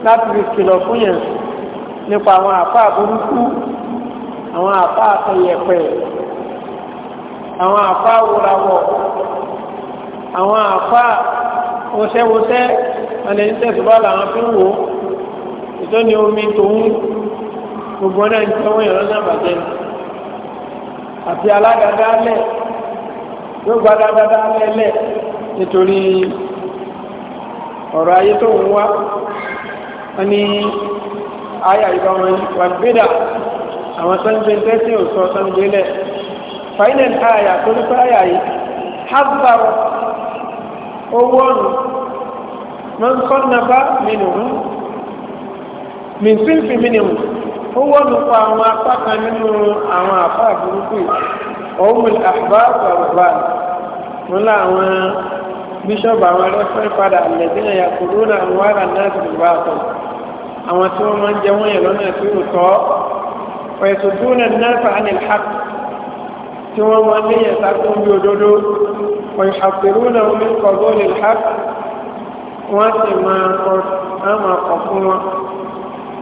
láti fi kìlọ̀ fún yẹn nípa àwọn àfà burúkú àwọn àfà àtọyẹ̀pẹ̀ àwọn àfà wòrawọ̀ àwọn àfà wọṣẹ́wọṣẹ́ wọn lè ní tẹ̀síwá làwọn fi ń wò ó ìtọ́ni omi tòun gbogbo náà ń tẹ́ wọ́n yẹn lọ́nà àbàjẹ́ ni àti aládàáda lẹ̀ yóò gba dáadáa lẹ̀ lẹ̀ nítorí ọ̀rọ̀ ayé tó ń wá wọ́n ní ayé àyíká wọn wà gbéra àwọn sọ́njẹ́ tẹ́sí òsọ sọ́njẹ́ lẹ̀ final aya tó ní fáyà yìí hazard owó ọ̀nà wọ́n sọ́nà bá mìíràn mìíràn mìíràn ó wọ́n pa àwọn apá kan nínú àwọn àpá burúkú ọ̀hún àbá àbàbà wọn láwọn bíṣọ̀bù àwọn ẹlẹ́fẹ́ padà àlẹ́dínlẹ̀ yàkùrú náà wà rà náà sì bá àtọ̀ àwọn tí wọ́n máa ń jẹ wọ́n yẹn lọ́nà tí ó tọ́ ọ̀yẹ̀sọ̀dúnà náà fà á nílẹ̀ wọ́n máa ń léyẹ̀ sákún wọ́n sì máa kọ̀ wọn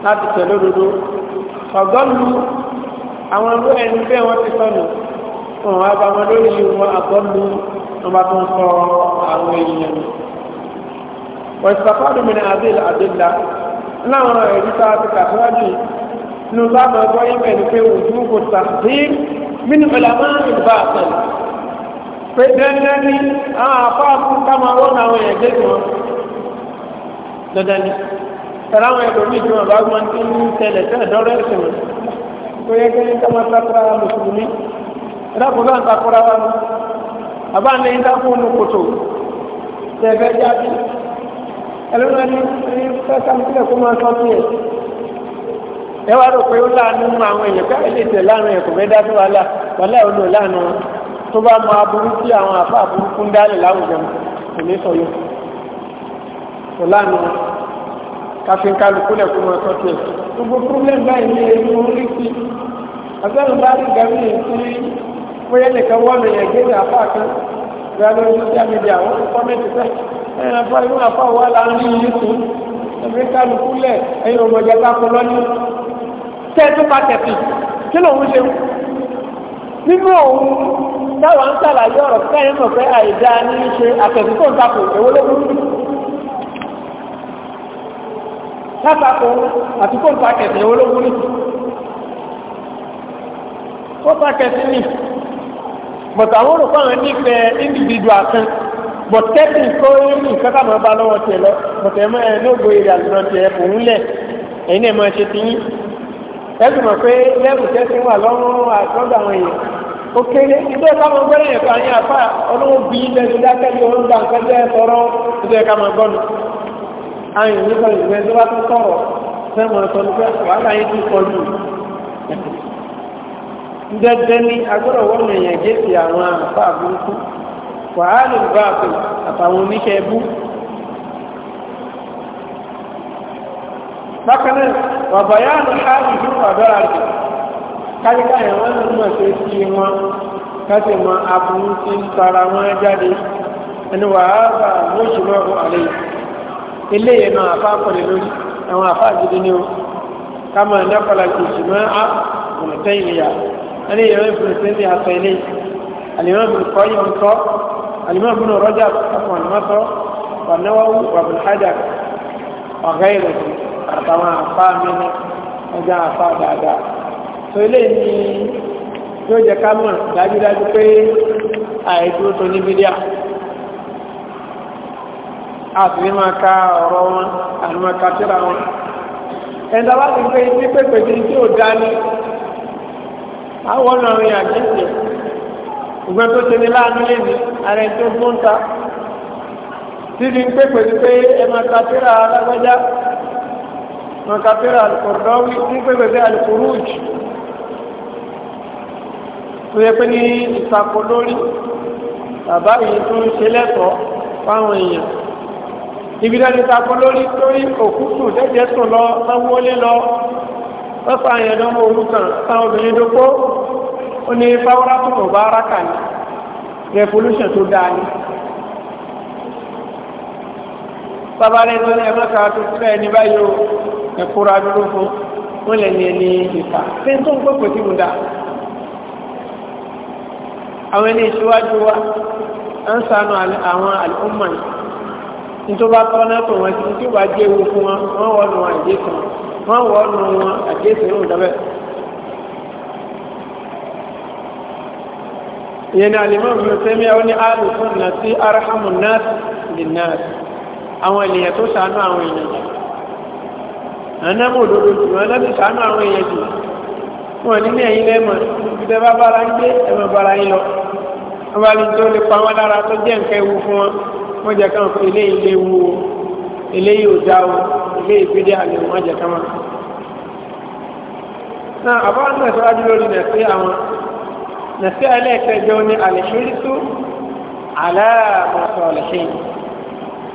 láti tẹ̀lé ọ̀gọ́lù àwọn ọmọ ẹni bẹ́ẹ̀ wọ́n ti sọnù wọn wá bá wọn lórí wọn àgọ́lù wọn bá tún sọ àwọn èèyàn wọ́n ti sọ́kọ́ ọdún mìíràn àdéhùn àdéhùn láwọn ẹ̀rí tá a ti kà síwájú nínú sábà gbọ́ ibẹ̀ ni pé òjú kò sà sí mínú ìlà máa ń a sàn pé dandan ni àwọn àpá àkúkà máa wọ́n àwọn ẹ̀jẹ̀ tàláwọn ẹlòmíì tí wọn bá gbọ́n tí ń tẹ̀lẹ̀ tẹ́ ẹ̀dọ́rọ̀ ẹ̀sìn wọn kó yẹ kí n ká máa takura wa mùsùlùmí ẹ̀dàkùn náà takura wa mú àbáńdé ń dákún ní kòtò tẹ̀fẹ́ jáde ẹlòmíì ní fẹ́sà ń tilẹ̀ kó máa sọ sí ẹ̀ ẹ wá rò pé ó láàánú mú àwọn èèyàn ká ilé ìtẹ̀ láàánú ẹ̀kọ́ bẹ́ẹ̀ dá sí wàhálà wàhálà ò lò láàánú wọn tó bá mọ aburú tí àwọn àfa àbúrú fún dálẹ̀ láwùjọ káfí kálukú lẹ̀ kó máa tọ́jú ẹ̀. gbogbo problem báyìí ní ẹni orí sí i. àtẹnu bá rí gàmí yẹn sí bóyá nìkan wọ́n mi yẹn gé ní àfa kan gbàgbé ojú sí àmìdí àwọn kọ́mẹ́ntì sẹ́ ẹ̀yìn àfa inú àfa wà láàrin yìí sùn ẹ̀mí kálukú lẹ̀ ẹ̀yìn ọmọdé káko lọ́ní. tẹ́tù bá tẹ̀sí kí lòun ṣe nínú òun táwọn ń sàlàyé ọ̀rọ̀ látàkùn àti kó nǹkan akẹ́sìn ní. ó ta ní bọ̀tà àwọn olùkọ́ àwọn nífẹ̀ẹ́ individual kan bọ̀ kẹ́tì kó ní nǹkan tá máa bá lọ́wọ́ tiẹ̀ lọ bọ̀tà ẹ̀ máa ẹ̀ ụmụ ògbó èrè lẹ̀ ẹ̀yin náà máa ṣe ti yín ẹ̀sùn mọ̀ pé tẹ́sí wà lọ́rùn anyị èèyàn nípa ìgbẹ́ tó bá tó ụwa fẹ́mọ̀ ọ̀tọ̀ ní wàhálà yìí ti pọ̀ jù ní agbọ́dọ̀ wọ́n àwọn wàhálà àpè àtàwọn oníṣẹ́ ẹbú bákan náà mọ̀ sí sí wọn káṣí tara wọn jáde ẹni wàhálà eléyìí ẹnu àfa kọlẹ̀ lórí àwọn àfa gidi ni o kama nàkọlà kìsì mọ́ a gbọ̀ntẹ́ ìlìyà ẹni ìyẹn wọn fún ìsẹ́ńdì àtọ̀ ilé àlìmọ́ bùn kọ́ yìí ń sọ àlìmọ́ bùn rọ́jà kọ́kọ́ àlìmọ́ sọ wà náwó wà bùn hájà ọ̀gá ìrẹsì àtìlẹ́ máa ka ọ̀rọ̀ wọn àti máa ka síra wọn. ẹ̀dá wá ti pé ní pépè tí tí ò dání àwọn ọ̀nà rìn àjẹsẹ̀ ìgbọ́n tó ṣe ní láàánú lè ní ara ẹni tó gbọ́n ta títí ń pépè ní pé ẹ máa ka síra alágbájá máa ka síra alùpùrọ̀dọ́wì ní pépè sí alùpùrùjì tó yẹ pé ní ìsàkó lórí bàbá yìí tó ń ṣe lẹ́tọ̀ọ́ fáwọn èèyàn ibi dájú ta kọ́ lórí lórí òkútù dẹ́jẹ́ sùn lọ sanwó-olé lọ lọ́sàn àyẹ̀ lọ́mọ orúkàn sáwọn obìnrin dókó ó ní fáwọ́rá tó mọ̀ bá ara kà ní revolution tó dáa ní. sábàlẹ̀ tó ní ẹ̀mọ́ kan tó fẹ́ ní báyìí ó ẹ̀kúra dúró fún wọn lè ní ẹni ìta ṣé tó ń pèpè tí mo dà àwọn ẹni ìṣíwájú wa ń sànù àwọn àlùmọ̀ yìí nítorí bá tọ́ náà tó wọn sí tí ó bá jẹ́ ewu fún wọn wọ́n wọ́n nu àjẹsùn wọ́n wọ́n nu wọn àjẹsùn yóò dábẹ́. ìyẹn ni alimọ́ mi sẹ́mi àwọn ní alùpùpù náà sí arahamu náà lè náà àwọn ènìyàn tó sànú àwọn ènìyàn ànámọ̀ òdodo jù wọn sànú àwọn èèyàn jù wọn ní ní ẹ̀yìn lẹ́mọ̀ ìgbẹ́ bá bára ń gbé ẹ̀mọ̀ bára ń lọ wọn bá lè tó lè pa wọn lára tó jẹ́ nǹkan ewu fún wọn wọ́n jẹ́ káwọn fún ilé ilé wu o ilé yìí ò dá o ilé ìgbédé àlè wọ́n jẹ́ káwọn. náà àbáwọn náà sọ́wájú lórí nàṣẹ́ àwọn nàṣẹ́ ẹlẹ́ẹ̀kẹjọ ní àlẹ́ṣẹ́rìṣù aláàmọ̀sọ̀ ọ̀lẹ́ṣẹ́ yìí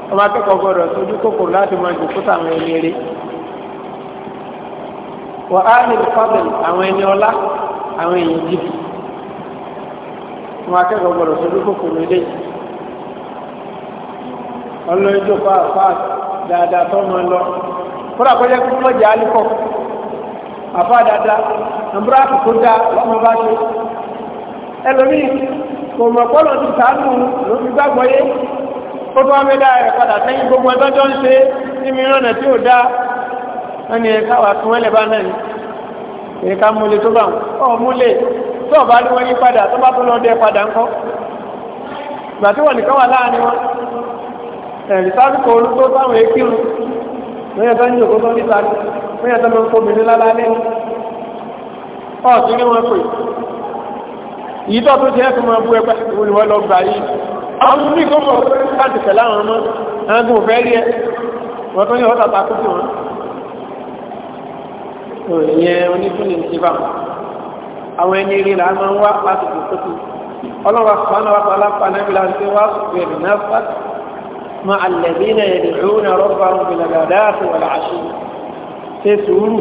wọ́n máa kẹ́kọ̀ọ́ gbọ́dọ̀ sójú kòkòrò láti máa jòkó táwọn ẹni eré wà á ní fábẹ́lì àwọn ẹni ọlá àwọn èèyàn jìbì wọ́n máa kẹ́kọ̀ọ́ gbọ́dọ̀ sójú kòkòrò eléyìí ọlọ́run tó fa àfa dáadáa tó máa lọ fúnra kọjá kí wọ́n jẹ́ alikọ́ àfa dáadáa àbúrò àkókò dáa lọ́mọ bá ṣe ẹlòmíì kò mọ̀ pọ́ lọ́dún sàánù ló fi gbàgbọ́ yé ó tó wọ́n mẹ́ta rẹ̀ padà sẹ́yìn gbogbo ẹjọ́ tó ń ṣe ní mìíràn tí ò dáa wọ́n ní ẹ̀ka wà fún ẹlẹ́bá náà ni ẹ̀ka múlẹ̀ tó bá wọn múlẹ̀ tó ọ̀bá ní wọ́n yí padà tó bá tó lọ́dẹ padà ńkọ́ gbà tí wọ́n nìkan wà láàrin wọn ẹ̀rì sásìkò olùkó sáwọn ekírun lóyún tó ń jòkó tó ń bí sáré lóyún tó ń kó mi ní lálálẹ́ ọ̀sìn ní wọn pè yìí tó tó ṣe é fún wọn bú ẹgbẹ́ olùwọ́ lọ gbà yìí àwọn tó ní kókò láti tẹ̀lé àwọn ọmọ àwọn tó fẹ́ rí ẹ wọ́n tó ní ọ̀tà takú sí wọn. ìyẹn onífúnni ti bá àwọn ẹni rí là máa ń wá láti tẹ̀síkì ọlọ́run àfọwọ́n náà wà pàlà pàlà ìbílà ń tẹ́ wá sùn مع الذين يدعون ربهم بالغداة والعشي ṣe sùúrù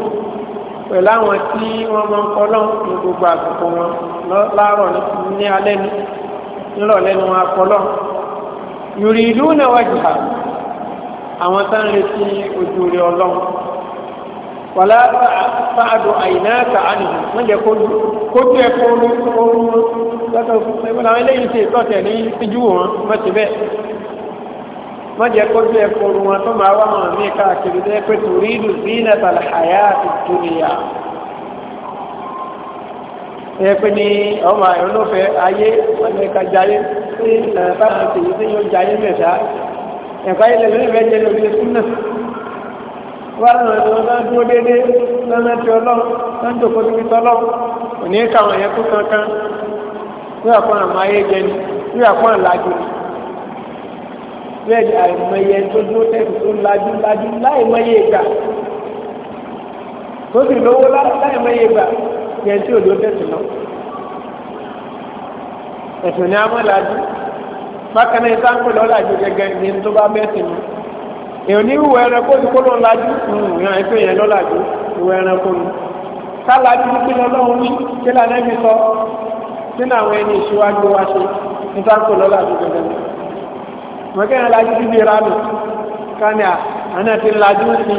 pẹ̀lú àwọn tí wọ́n máa ń kọ́ lọ́wọ́ ní gbogbo àkókò wọn láàárọ̀ ní alẹ́ ní nírọ̀lẹ́ ní wọn akọ́ lọ́wọ́ yorì ìlú náà wájà àwọn tá ń retí ojú rẹ ọlọ́wọ́ wàlá fáàdù àyìnà kàánì wọ́n jẹ́ kójú ẹ̀ kó orú lọ́tọ̀ fún ẹgbẹ́ làwọn eléyìí ṣe ìtọ́tẹ̀ ní ìtìjú wọn mọ́tì bẹ́ẹ̀ wọ́n jẹ́ kójú ẹ̀kọ́ orun wọn tó máa wá wọn mí káàkiri tó yẹ pé torí ìlú zina tàlàyà àti tóníyà tó yẹ pé ní ọmọ ìrúnlọ́fẹ́ ayé wọn ní ká jayé sí ìlànà táwọn ti yí sí yóò jayé mẹ́ta ẹ̀kọ́ ayé lẹ́nu ìfẹ́ jẹ́ lórí súnà wọ́n rán ẹ̀rọ náà dúró déédéé lọ́nà tí ọlọ́run náà ń jòkó síbi tọ́lọ́run òní káwọn ẹ̀kú kankan yóò àpọ̀n àmọ́ ayé jẹ bẹ́ẹ̀ ni àìmọye tó dúró tẹ́sí tó lajú lajú láìmọye ìgbà tó sì lówó láìmọye ìgbà yẹn tí òdó tẹ́sí lọ. ẹ̀sùn ni a mọ̀ bákan náà ìta ń pè gẹ́gẹ́ ní tó bá mẹ́sì mu. èèyàn ní ìwọ ẹranko ti kó ló ń ètò yẹn lọ́la ju ìwọ ẹranko ni. kálajú kí lọ́lọ́run ní kí lànà sọ mọ̀kẹ́yìn lajú bíbí ìranù a àná ti lajú ní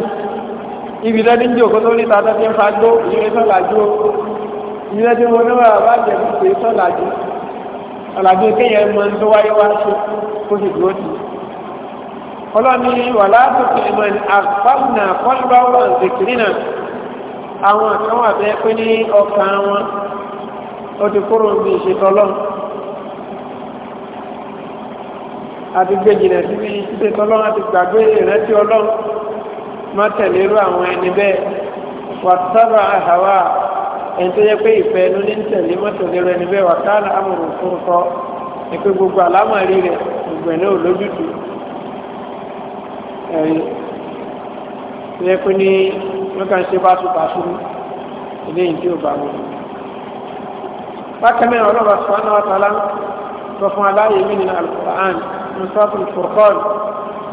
ibi tẹ́tí ń jò kó tó tata ti dị fa gbó ìyẹn sọ o ìyẹn tí mo ní wà bá jẹ kó sọ lajú ọ̀làjú kéèyàn mọ ní i ọlọ́ni wàlá tó fi wọn zèkìrínà àwọn àkànwà bẹ́ẹ̀ pé ní ọkàn wọn ó ti kúrò ní ìṣètọ́lọ́mù àti gbẹ̀jìnà síbi títẹ̀ tọ́lọ́run àti gbàgbé ìrántí ọlọ́run má tẹ̀lé irú àwọn ẹni bẹ́ẹ̀ wà sábà àhàwà ẹni tó yẹ pé ìfẹ́ ẹnu ní tẹ̀lé má tẹ̀lé irú ẹni bẹ́ẹ̀ wà káàlà amòrò fún kọ́ ẹ pé gbogbo àlámọ̀rí rẹ̀ ìgbẹ̀ náà lójútùú ẹ̀rí tó yẹ pé ní wọ́n kàn ṣe báṣubàṣu eléyìí tí ò bá wọn. bákan náà ọlọ́run sọ fún aláyé mi nínú Al-Qur'an ní sọ́tù furqan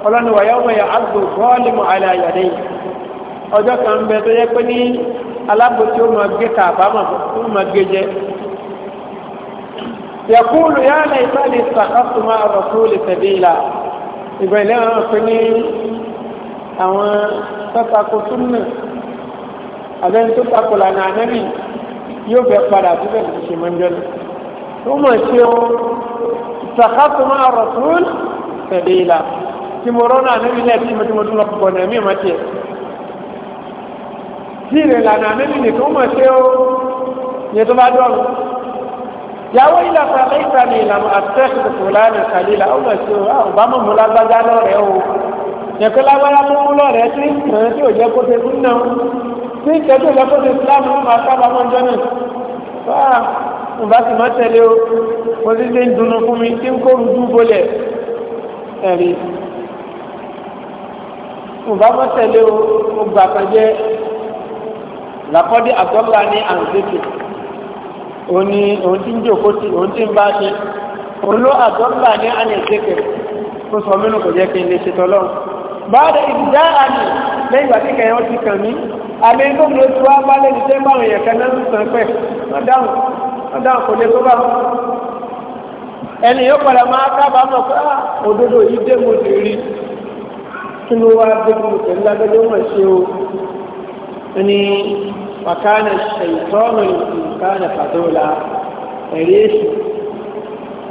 ọlọ́ni wà yọ́wọ́ yà ágbò bọ́ọ̀lìmù aláyàdé ọjọ́ kan ń bẹ tó yẹ pé ní alábòtí ó máa gé kàbámà ó máa gé jẹ يقول يا ليتني اتخذت مع الرسول سبيلا ìgbà ilé wọn fi ní àwọn tọ́takò súnmù àbẹ́ni tó takò lànà ànẹ́bì yóò fẹ́ padà síbẹ̀ ní ṣe mọ́jọ́ ó mọ̀ sí ọ́ واتخذت مع الرسول سبيلا تمرنا نبي لا تيم تيم تيم كنا مي ما تي تير لنا نبي نتوم سيو يتوم أدوان يا ويلا فليتني لم أتخذ فلانا خليلا أو نسيو أو بام ملاذا جالو ريو يقول لا ولا مولو ريتي ريتي وجا كوتي كنا تي كتو لا كوتي إسلام ما كان بام جنس ń bá ti máa tẹ̀lé o mo ti lé ń dunu fún mi tí ń kó rúdú bolẹ̀ ẹ̀rí ń bá máa tẹ̀lé o mo gbà kan jẹ́ làkọ́dé àgọ́gbà ní àǹtẹ̀kì òun ni òun ti ń jòkó ti òun ti ń bá ṣe òun ló àgọ́gbà ní àǹtẹ̀kì mo sọ mínú kò jẹ́ kí n lè ṣe tọ́lọ́ báyìí ìdíjà àmì lẹ́yìn ìgbà tí kẹ̀yìn ó ti kàn mí àmì gómìnà tí wọ́n bá lẹ́yìn tẹ́ báwọn èèyàn kan náà ń sàn pẹ̀ wọ́n dáhùn ọ̀dà kò lè tó bá wọn. ẹni yóò padà máa kábàá mọ̀ pé ah, òdodo yìí dé mo ti rí kí ló wá dé mo ti rí lágbẹ́jọ́ mọ̀ ṣe o ní wàkánà ṣèyítọ́nù ìkánà fàdóòlà ẹ̀rí èsì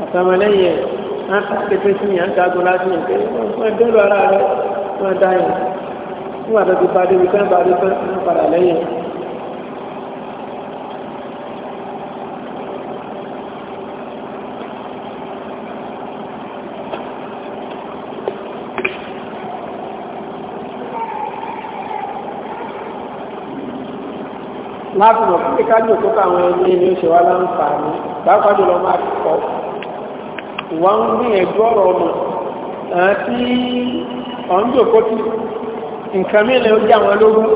àtàmọ́lẹ́yìn ẹ̀ ń ta pépé sí yàn ń dagun láti yàn pé wọ́n dé lọ ara rẹ̀ wọ́n dá yàn nígbà tó ti bá débi tán padà lẹ́yìn. láti mọ̀ pé kájú tó káwọn ẹni ní oṣù wa láǹfààní pàápàá jùlọ máa kọ́ ìwà ń gbìyànjú ọ̀rọ̀ ọmọ àti ọ̀njòkótì nǹkan mìíràn ó jẹ́ àwọn lógún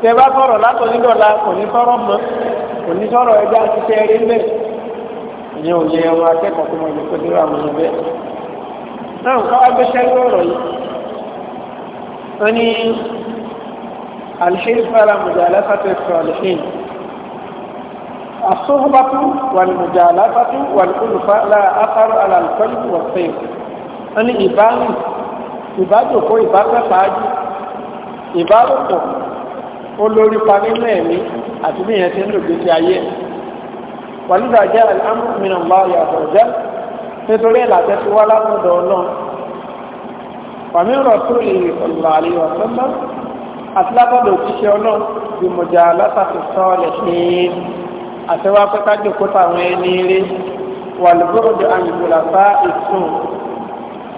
tẹ bá sọ̀rọ̀ látọ̀ nídọ̀la kò ní sọ̀rọ̀ mọ́ kò ní sọ̀rọ̀ ẹja ṣiṣẹ́ rí mbẹ́ ìyẹn ò yẹ ẹwọn akẹ́kọ̀ọ́ tó mọ̀ ní kó nírú àwọn ọmọ bẹ́ẹ̀ náà الحرص على مجالسة الصالحين الصحبة والمجالسة والألفة لا أثر على القلب والسيف أن إباني ìbájò kó ìbáfẹ́ ṣáájú ìbálòpọ̀ olórí parí mẹ́ẹ̀mí àti bí ìyẹn ti ń lògbé sí ayé wàlúùdà jẹ́ àmú mìíràn bá yàtọ̀ jẹ́ nítorí ìlàjẹ́ ti wá látọ̀dọ̀ náà wàmí rọ̀ tó ìrìn ọ̀là àlè ọ̀sán náà àti lábọ́dọ̀ òṣìṣẹ́ ọlọ́run bí mọ̀jà látàkì sọ́ọ̀lẹ̀ ṣe àtẹwà pẹ́ká jòkóta àwọn ẹni eré wà lùgbọ́dọ̀ àyìnbọ̀là bá ìsùn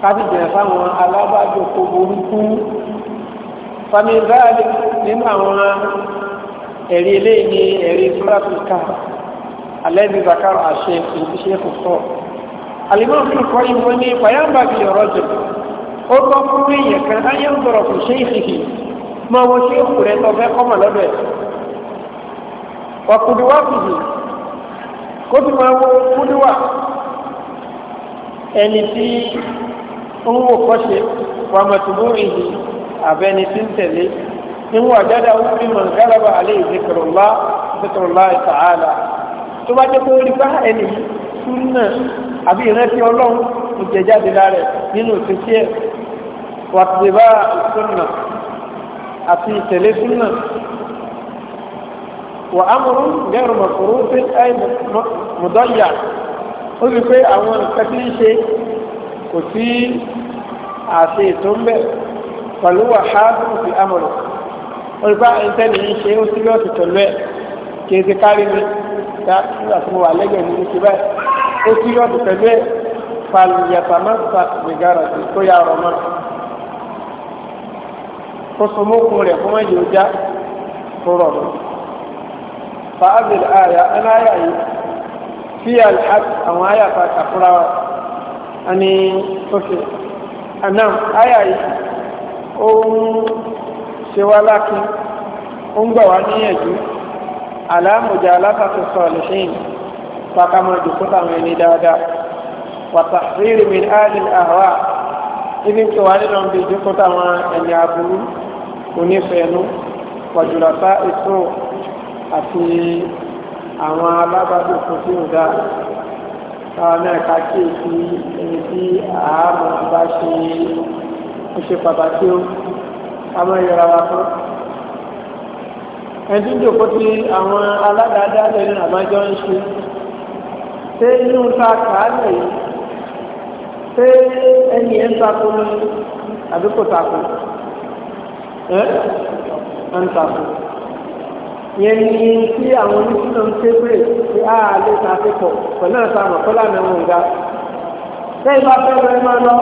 káfí bẹ̀rẹ̀ fáwọn alábàjòkó burúkú fami báyìí nínú àwọn ẹ̀rí eléyìí ni ẹ̀rí fúlàfíkà alẹ́bí zakaro àṣẹ ìṣẹ́ kò sọ alimọ́ fún kọ́ ìwọ ní payamba bí ọ̀rọ̀ jù ó tọ́ fún èèyàn kan ayé ń sọ̀rọ̀ fún ṣe ìṣìṣì máa wọ ṣé òkú rẹ tó fẹ́ kọ́mọ̀ lọ́dọ̀ ẹ̀ ọ̀kùnrin wá fìdí kó fi máa wọ kúndùn wà ẹni tí ń wò kọ́ṣe wà mọ̀tòmó ìhì àbẹ́ni tí ń tẹ̀lé ń wà dáadáa ó fi mọ̀ gálàbà alẹ́ ìdíkọ̀rọ̀lá ìdíkọ̀rọ̀lá ìtàhálà tó bá jẹ́ pé ó rí bá ẹni súnà àbí ìrántí ọlọ́run ìjẹjáde lára nínú òṣèṣẹ́ wà tìbá súnà àti ìtẹ̀lé súnà wà ámúrú gẹ́rù mọ̀kúrú sí ẹ́ mùdọ́yà ó sì pé àwọn nǹkan tí ń ṣe kò sí àti ètò ń bẹ̀ pẹ̀lú wà háàdùn sí ámúrú ó sì bá ìtẹ́lẹ̀ yìí ṣe ó sí lọ́ọ̀sì pẹ̀lú ẹ̀ kì í ti kárí mi ta àti mo wà ní ti báyìí ó sí lọ́ọ̀sì pẹ̀lú ẹ̀ fàlùyàtàmọ́sà nìgáràjì tó yà ọ̀rọ̀ mọ́ra kó so mọ́kùn rẹ̀ kó má yóò já kó rọ̀ mọ́. fàábì àyà aláyà yìí fi alhaq àwọn àyà ta kàfúrà wa a ní sókè àná àyà yìí ó ń ṣe wá lákin ó ń gbà wá níyànjú aláàmùjà alátàtò sọ̀lẹ̀ṣìn pàkàmọ̀ ìdòkúta àwọn ẹni dáadáa wàtàfíìrì mi áàlì àwa ibi ń pè nínú ibi ìdòkúta àwọn ẹni aburú onífẹ̀ẹ́nu pọ̀jùlọ́sá ètò àti àwọn alábàdòfò tí ó dá táwọn náà ká kíyèsí ẹni tí àárọ̀ bá ṣe ó ṣe pàtàkì ó ká mọ́ yọra wa fún. ẹni tí ń jòkó tí àwọn aládàáda lẹ́nu àbájọ ń ṣe ṣé inú ta kàálẹ̀ yìí ṣé ẹni ẹ̀ ń takò ní àdúgbò takò ẹ́ ń takò yẹn ni tí àwọn oníṣúná ń ké pé kí á lè ta pípọ̀ pẹ̀lú ẹ̀ta àmọ̀kọ́lá mi ń ga lẹ́yìn bá fẹ́ lọ ẹ máa lọ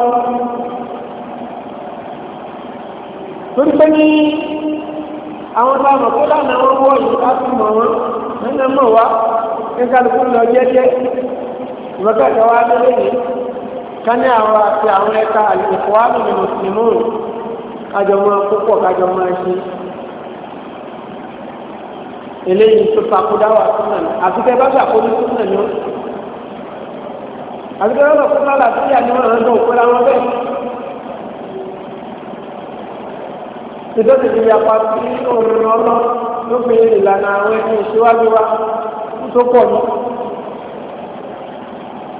torí pé ní àwọn ọba àmọ̀kọ́lá mi wọ́n wọ̀ yìí á fi mọ̀ wọ́n nínú mọ̀ wá ní kálukú lọ jẹ́jẹ́ ìmọ̀kẹ́kẹ́ wa lórí yìí ká ní àwọn àti àwọn ẹ̀ka àlùkò wa nínú mùsùlùmí kájọ máa púpọ̀ kájọ máa ṣe eléyìí tó takodáwà súnà ní àti tẹ bá ṣàkóso súnà ní wọn àti tẹ bá ṣàkóso àlàáfíà ní wọn àádọ́ òkúra wọn bẹ́ẹ̀. ìdọ́sẹ̀ ti yapa sí òun ọlọ́ lópin ìlànà àwọn ẹni ìṣíwájú wa tó pọ̀ ní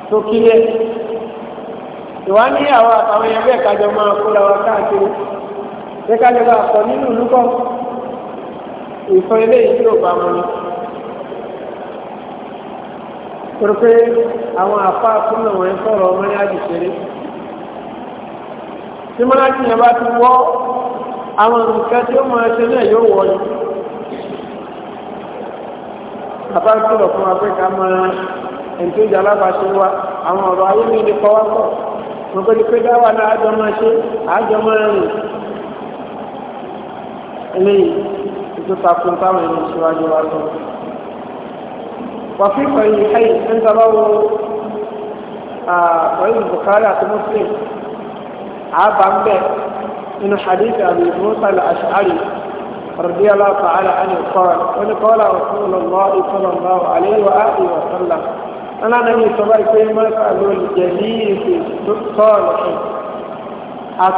tó kílẹ̀ ìwà ní àwọn àtàwọn ẹgbẹ́ ìkájọ máa kóra wa káàkiri ṣé ká lè bá ọ̀pọ̀ nínú ìlú kọ́ ìfọn eléyìí tí ò bá mu ni. torí pé àwọn àfa àtúnlò wọn sọ̀rọ̀ ọmọ yá jù ṣeré. tí mọ́lájì yẹn bá ti wọ́ àwọn nǹkan tí ó máa ṣe náà yóò wọ̀ ni. bàbá ń sọ̀rọ̀ fún wa pé ká máa ẹni alábàáṣe wa àwọn ọ̀rọ̀ ayé mi ní kọ́ pọ̀. mo gbé ní pé dáwà náà àjọ máa ṣe àjọ máa rìn eléyìí ètò takun táwọn ẹni ìṣíwájú wa sọ. wàfí pẹ̀lú ẹ̀yìn ń sábà wo pẹ̀lú Bukhari àti Muslim àbá ń bẹ̀ nínú hadith Abu Musa al-Ash'ari رضي الله تعالى عنه قال قال رسول الله صلى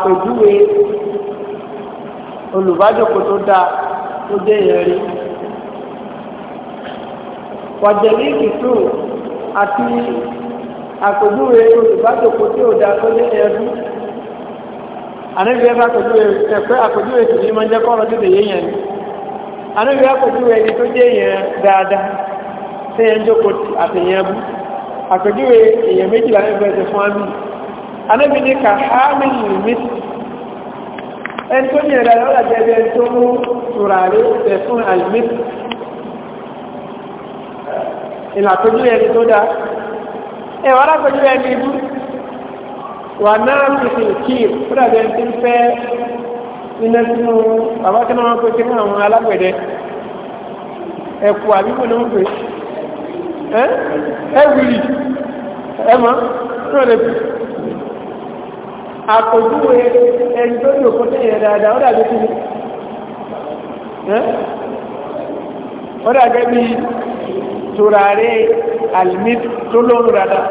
الله olùbájòkó tó dáa tó dé yẹn rí wàjẹ̀lí ìtù àti àpèjúwe olùbájòkó tí ò dáa tó dé yẹn rí àníbi ẹ bá àpèjúwe ẹ̀pẹ́ àpèjúwe sì ní máa ń jẹ́ kọ́ ọ̀rọ̀ tó dé yẹn yẹn ni àníbi àpèjúwe ẹni tó dé yẹn dáadáa tí yẹn jókòó àtẹ̀yẹn bú àpèjúwe èèyàn méjìlá ẹgbẹ́ ti fún àmì àníbi ní kà á mí ẹni tó ní ẹ̀dà lọ́la jẹ́bi ẹni tó mú tùràrí tẹ̀ fún àlùmí ìlàkójú ẹni tó dá ẹ̀wọ́n alákòjú ẹni ibú wà náà tètè kí fúdà bẹ́ẹ̀ ti ń fẹ́ iná sínú bàbá kí wọ́n pèsè fún àwọn alágbẹ̀dẹ ẹ̀kú àbíkú ni wọ́n pè é ẹ̀wìrì ẹ̀mọ́ tó lè àpèjúwe ẹni tó ní òkú tẹ̀yẹ̀ dáadáa ó dàbí kíni ó dàbí bí tùràrí àlìmít tó lóhùn dáadáa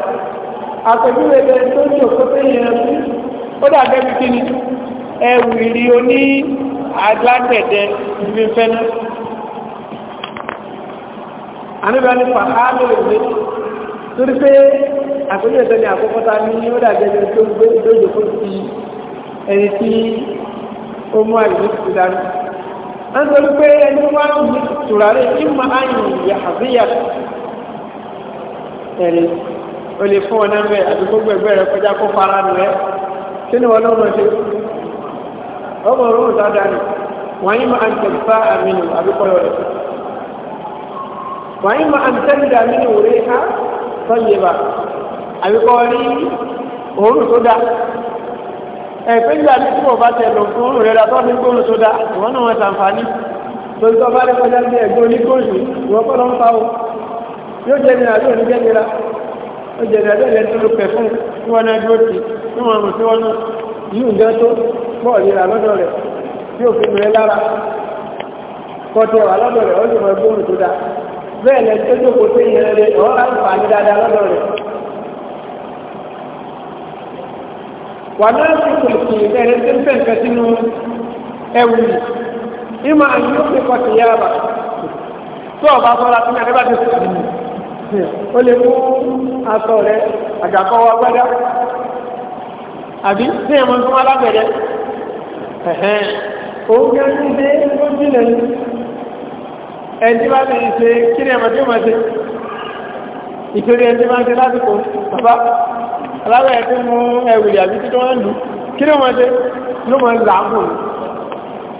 àpèjúwe ẹni tó ní òkú tẹ̀yẹ̀ ó dàbí bí kíni ẹwìrì oní agbádẹ̀dẹ̀ ibi fẹ́ná. àníbẹ̀ ní fàhálẹ̀ òní torí pé àpèjọ ìtọ́ni àkọ́kọ́ ta ní ó dàbí ẹni tó gbé lójó kó ti ẹni tí ó mú àyè tó dání. wọ́n sọ pé ẹni wá ń bí tùràrí kí mọ àyìn ìyá àbíyà ẹ̀rẹ̀ o lè fún ọ náà mẹ́ àti gbogbo ẹgbẹ́ rẹ kọjá kó fara nù ẹ́ kí ni wọ́n lọ́mọ ṣe ọmọ òun ta dání wọ́n yí máa ń tẹ̀sífà àmì nù àbíkọ́ rẹ̀ wọ́n yí máa ń tẹ̀sífà àmì nù rẹ̀ ha tayyiba àbíkọ́ rí òórùn tó dáa ẹ̀pẹ́ ìgbà ní tí mo bá tẹ̀ lọ fún òórùn rẹ̀ látọ́ ní gbóòórùn tó dáa ìwọ́n náà wọ́n ṣàǹfààní lórí tó bá rí kọjá ní ẹ̀gbọ́n onígbòòrùn ìwọ́n kọ́ ló ń fa o yóò jẹ́ nira yóò ní jẹ́ nira ó jẹ́ nira bẹ́ẹ̀ lẹ́nu ló pẹ̀ fún tí wọ́n náà dúró tì tí wọ́n rùn sí wọn náà yìí ń jẹ́ tó bọ́ọ̀ bẹ́ẹ̀ tó tó kò sí ìyẹn rẹ ọ́ àǹfààní dáadáa lọ́dọ̀ rẹ̀. wà náà ti kò sí ẹ̀rẹ́ tó ń fẹ́ nǹkan sínú ẹ̀wù yìí ìmọ̀ àyè ó fi kọ̀tì yá bà tó ọba sọ́ra ní adébá ẹni bá ti ṣe kí ni ẹ̀mọ̀tí mọ̀ ṣe ìtorí ẹni bá ṣe lásìkò bàbá aláwọ̀ ẹ̀ tí mú ẹ̀wì àbí tí wọ́n lù kí ni wọ́n ṣe ló mọ̀ ń làágùn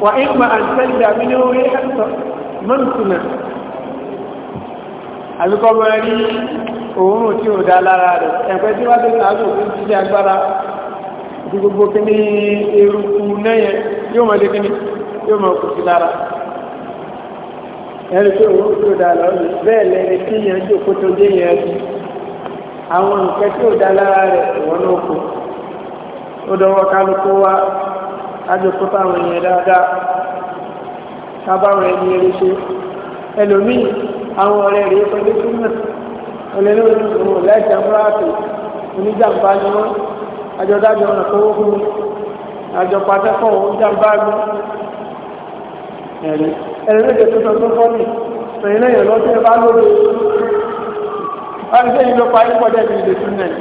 wà ń pa àǹtẹ́lì àbí ní orí ẹ̀sọ́ mọ́ǹtùnà náà ẹni pé òun tó dà lọ́nà bẹ́ẹ̀ lẹni tí yẹn jòkó tó dé yẹn bí àwọn nǹkan tí ò dá lára rẹ̀ wọ́n náà kù ó dọwọ́ kálukú wá kájòkó táwọn èèyàn dáadáa ẹni eré ṣe ẹlòmíì àwọn ọ̀rẹ́ pẹ̀lú súnmọ̀ láìsí oníjàmbá ni wọ́n àjọdájọ ọ̀nà ẹ̀rẹ́dẹ̀ tó tọ́ tó fọ́nì tẹ̀yìn lẹ́yìn lọ́sẹ̀ bá lóde wọ́n sẹ́yìn ló parí pọ́jẹ́ ní ilé tún náà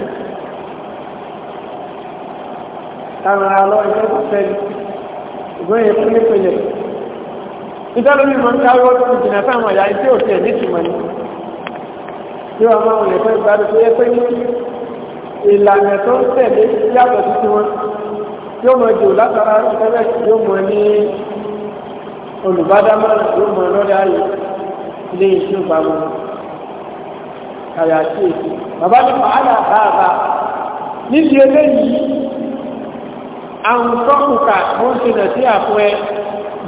táwọn ará lọ́wọ́ ìjọba kò fẹ́ ìgbọ́n yẹn fún nípìnlẹ̀ ìtọ́lú mi mọ̀ ń káwé ó ti jìnà fáwọn ọ̀yà iṣẹ́ òsì ẹ̀ nítumọ̀ ni yóò máa wọ̀nyẹ fún ìgbádùn tó yẹ pé ní ìlànà tó ń tẹ̀lé yàtọ̀ sí tiwọn yóò mọ̀ jù látara ìtẹ́lẹ̀ yóò mọ̀ ní olùbádámọ̀ràn tó mọ lọ́dẹ ayò ilé iṣẹ́ ìpamọ́ kàyàtì èsì bàbá ní wàhálà bàbá níbi eléyìí àwọn tọ́kùnkà wọ́n ti nà sí àpò ẹ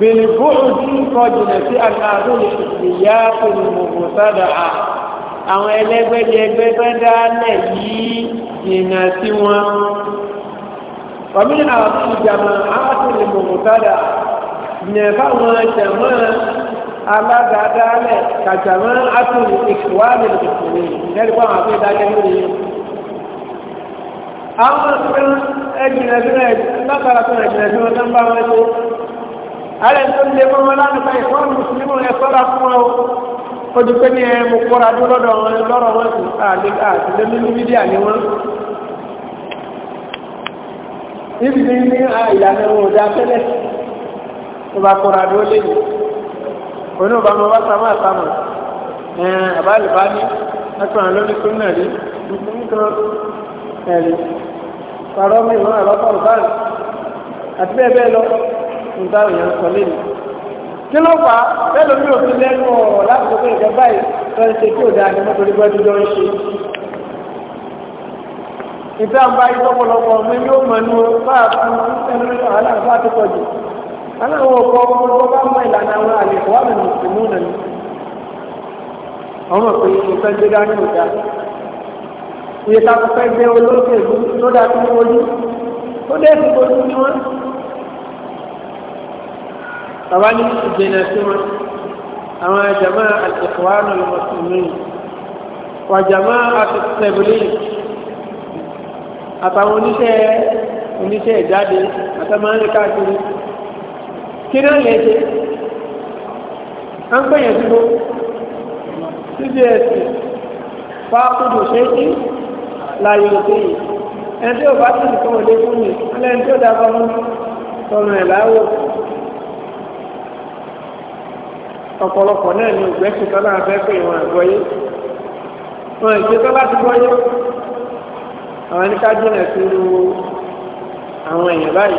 bèrè bóòlù tí ń kọ jìnà sí àgbàdo lè ìyá pẹ̀lú gbogbo sádà á àwọn ẹlẹ́gbẹ́jẹgbẹ́ fẹ́ dálẹ̀ yìí jìnà sí wọn. wàmí àwọn ìjàmà á ti lè gbogbo sádà á yẹn fáwọn jàmọ́ aládàádálẹ̀ kàjàmọ́ atúlù ìkùwálì ìkùnrin lẹ́rìí fáwọn àti ìdájẹ́ lórí yìí. àwọn kan ẹgbìnà sí rẹ̀ látara sí rẹ̀ jìnà sí wọn tó ń bá wọn ṣe. alẹ́ tó ń lé fún wọn láti fa ìfọ́n mùsùlùmí ẹ sọ́ra fún wọn o. ó ti pé mú kóra dúró lọ́dọ̀ wọn lọ́rọ̀ wọn sì àti lẹ́nu mídíà ni wọn níbi ní ní ìlànà wọn ò dá tẹ́lẹ̀ tó bá kóra ló lé ní oní ọba ọmọ bá sámọ àsámọ ẹn àbálùbá ní ẹkùnrin lórí tó náà rí nítorí kan ẹrí pàrọ mi ìwọn àlọpọ ìbáàlì àti bẹ́ẹ̀ bẹ́ẹ̀ lọ ń dá òyìn sọ lé ní. kí ló fà á bẹ́ẹ̀ lómi òfin lẹ́nu ọ̀rọ̀ láti tó kéde báyìí tó ń ṣe tí ò dáa ní mọ́tòrí bọ́dú lọ ń ṣe. ìta ń bá mi yóò mọ̀ ní bá a fún ẹnu àlàáfáà tó pọ̀ jù aláwọ̀ ọ̀pọ̀ ọmọ bá mọ ìlànà àwọn àlèkò wà lẹ́nu ìmú nà ní ọmọ pé ìfẹ́ gbé dání ọjà iye ká fẹ́ gbé olóṣèlú tó dá sí ojú tó dé sí ojú ní wọn bàbá ní ìjìnlẹ̀ sí wọn àwọn jama àtẹ̀kọ̀wá nà lọ́mọ̀tìmí wà jama àtẹ̀tẹ̀bìlì àtàwọn kí náà lè ṣe a ń pèyàn sí gbogbo cbs fáàkùdù ṣe kí láyé òkè yìí ẹni tí ó bá tẹ̀lé kọ́ wọlé fún mi alẹ́ni tí ó dábọ̀ mú tọ̀nà ẹ̀ láwọ̀ ọ̀pọ̀lọpọ̀ náà ni ìgbẹ́sìn tọ́lá fẹ́ pé wọn àgbọ́yé wọn ìgbé tọ́lá ti gbọ́yé àwọn ẹni ká jìnà sí irú àwọn èèyàn báyìí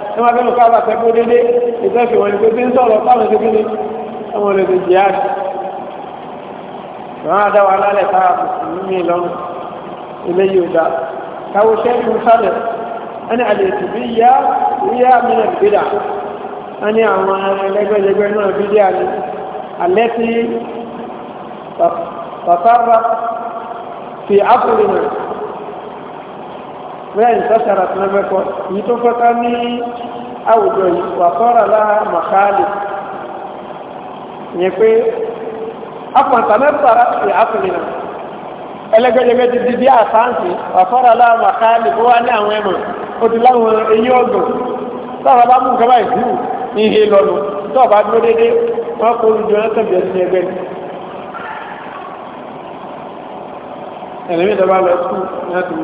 ní wọ́n fẹ́ràn káàbà pẹ̀lú dédé ìfẹ́fẹ́ wọn ni pé bí ń sọ̀rọ̀ táwọn ṣe kíni àwọn olùdó jihad wọn á dá wa lálẹ́ ká mùsùlùmí lọ́nà eléyìí ò dá káwọ́ sẹ́yìn sálẹ̀ ẹni àlètù bí yá yá mìíràn gbéra ẹni àwọn ẹlẹgbẹjẹgbẹ náà bí díà ní alẹ́ tí fi áfúrú mẹ́rin tọ́sára tó mẹ́kọ́ yìí tó fọ́ká ní àwùjọ yìí wà tọ́ra lára màkàlì yẹn pé afọ̀nsá mẹ́tàrà sí àfìnà ẹlẹ́gbẹ́lẹ́gbẹ́ ti di bí wà tọ́ra lára màkàlì bó wá ní àwọn ẹ̀mọ̀ ó ti láwọn eyín bá mú nǹkan báyìí ihe lọ́nu tọ́ dúró dédé wọ́n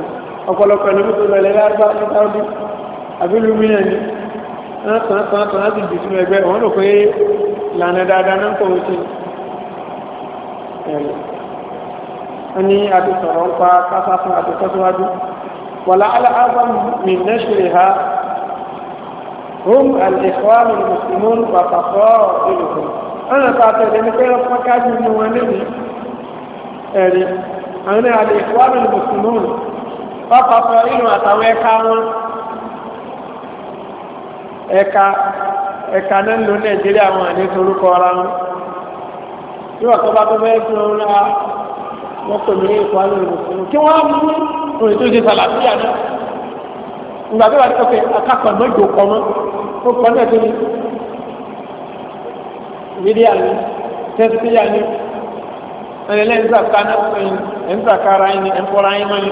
kó ọ̀pọ̀lọpọ̀ ẹni tó lọ lẹ́lẹ́ àgbà ní sáúdí àbílù mìíràn ni wọ́n tàn tàn tàn láti jù sínú ẹgbẹ́ wọ́n rò pé lànà dáadáa náà kọ̀wé sí wọ́n ní àti sọ̀rọ̀ ń pa kásá fún àti tọ́síwájú wàlá aláàbà mi nẹ́ṣẹ̀rẹ̀ ha hum al-ikhwan al-muslimun wa ni wani ne eh ana pápákọ̀ inú àtàwọn ẹ̀ka wọn ẹ̀ka ẹ̀ka náà ń lo nàìjíríà wọn ní torúkọ ara wọn bí wọ́n tó bá tó fẹ́ tó ń ra wọ́n pè mí ní ìfọ̀ alẹ́ òmùsùn kí wọ́n á mú òun tó ṣe sàlàfíà náà ìgbà tó wà ní ọkẹ́ akápọ̀ mẹ́jọ kọ́ mọ́ ó kọ́ náà tó ní mídíà ní tẹ́sítíyà ní ẹ̀lẹ́ńsàkára ẹni ẹ̀ńfọ́ra ẹni mọ́ni.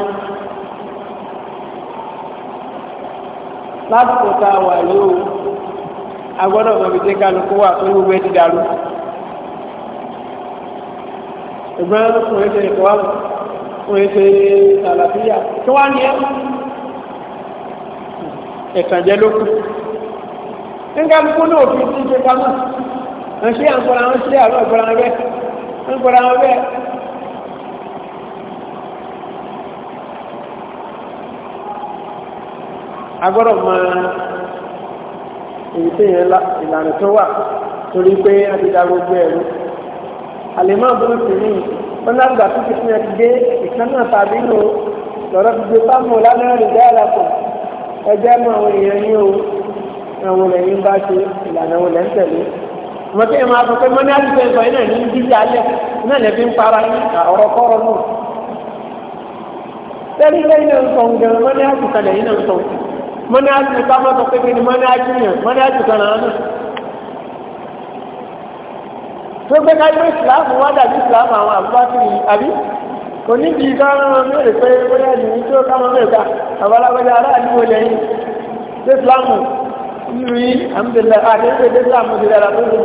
lásìkò tá a wà yóò agbọ́dọ̀ mọ̀ bí tí kálukú wà tó gbogbo ẹ̀ ti dàrú ìgbọ́n fún ẹsẹ̀ ìkọ́wà fún ẹsẹ̀ àlàáfíà tó wá ní ẹ̀tànjẹ́ ló kù nígbàlùkú náà fi ti ṣe pamọ́ ẹ̀ṣẹ́ àǹkọ́ra wọn ṣe àlọ́ ìkọ́ra wọn bẹ́ẹ̀ agbọ́dọ̀ mọ èyí tẹ̀yẹ ìlànà tó wà torí pé a ti da gbogbo ẹ̀rú àlèmọ́ àbúrò sí ní wọn lágbà tó ti fún ẹ ti dé ìkànnà tàbí lò lọ́rọ́ ti gbé pámò lánàá rẹ̀ dá àlàpọ̀ ẹgbẹ́ mọ àwọn èèyàn ní o àwọn ẹ̀yìn bá ṣe ìlànà wọn lẹ́ ń tẹ̀lé wọ́n tẹ́ máa fọ́kẹ́ mọ́ ní àdúgbò ẹ̀fọ́ iná ní jíjí alẹ́ náà lẹ́bí ń para ní ọ̀rọ̀ kọ́rọ̀ náà tẹ́lí lẹ́yìn náà ń sọ gan mọ́ ní àdúgbò ẹ̀yìn náà ń sọ mọ́nájú ká mọ́ sọ pé kí ni mọ́nájú yẹn mọ́nájú kan náà nù. tó gbé ká gbé ìsìláàmù wá dàbí ìsìláàmù àwọn àbúbákiri àbí onídìí ká mọ́ mẹ́rin pé bóyá ìlú tó ka mọ́ mẹ́rin ká àbálágbájá aráàlú wọlé yìí tó ìsìláàmù ìlú yìí àmúdèlè àdéhùn tó ìsìláàmù ti dára tó ti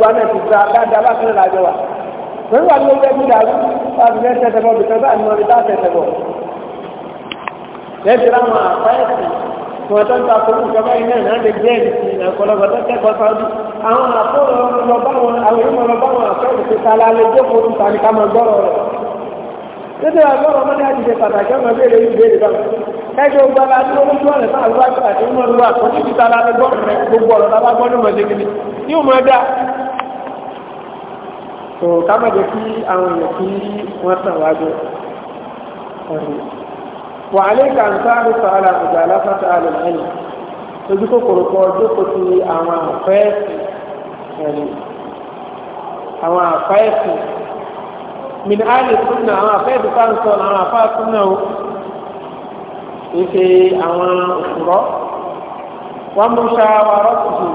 wa. wọn tó ń ta kó nǹkan báyìí náà náà lè jẹ́ ìrìsì ìrìnàkọ́lọ́gbọ̀n tó kẹ́kọ̀ọ́ sáájú àwọn àpòrò lọ báwọn àwọn ìmọ̀ lọ báwọn àpẹẹrẹ ti ta lálẹ́ jókòó tó ta ní ká máa gbọ́rọ̀ rẹ̀. nítorí àgbọ̀rọ̀ mọ́ni àti ìṣe pàtàkì ọmọ ìbéèrè ìbéèrè bá ẹjọ́ gba la tí olójú ọ̀rẹ́ sáà ló bá gbà tí wọ́n lu àkọ́jú ti ta lálẹ́ gbọ́rọ̀ rẹ̀ gbogbo ọ̀rọ̀ lábá gbọ́ nímọ̀ ṣe kìíní ní òun ẹ̀dá. tó ká má jẹ́ kí àwọn èèyàn kí wọ́n tàn wá jọ wà á lè kà ń sáré sàálà ìgbà aláfàtà àlùmọ́nì ojú kòkòrò kan ọjọ́ kò ti àwọn àfẹ́ẹ̀sì ẹ̀rí àwọn àfẹ́ẹ̀sì min ali sunna àwọn àfẹ́ẹ̀sì sáńsọ àwọn àfáà sunna o kìí ṣe àwọn òṣùrọ́ wọn mú ṣàwà rọ́pùtù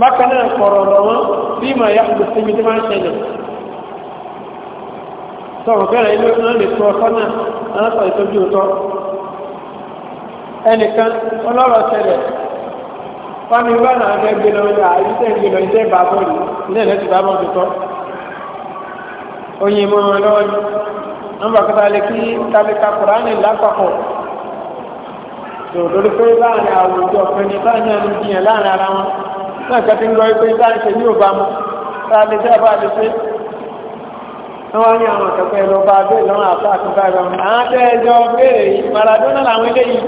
bákan náà kọ̀rọ̀ lọ́wọ́ bí mà yá kùdù sí mi tí wọ́n ń ṣẹlẹ̀ tọ̀rọ̀ bẹ̀rẹ̀ inú náà lè tọ́ sọ́nà aláṣọ ìtọ́jú ọ̀tọ́ ẹnìkan ọlọ́rọ̀ ṣẹlẹ̀ fámi bá náà fẹ́ gbé lọ ìyá ìṣẹ́ gbé lọ ìṣẹ́ bá bọ́ọ̀lù ilé ẹ̀ ti bá bọ́ tuntọ́ oyin mọ́ wọn lọ́wọ́ ni wọ́n bá kọ́ta lè kí tábìkà kùránì lápapọ̀ lórí pé láàrin àwùjọ pẹ̀lú báyìí àwọn ìjìyàn láàrin ara wọn náà kẹ́tí ń lọ pé báyìí ṣe ní òbámu tá a lè dẹ́ bá a lè wọ́n ní àwọn ọ̀tọ̀pẹ́ lọ bá bẹ́ẹ̀ lọ́rùn àpá àtúntà ìrọ̀rùn àwọn tẹ́ ẹjọ́ béèrè Maradona làwọn eléyìí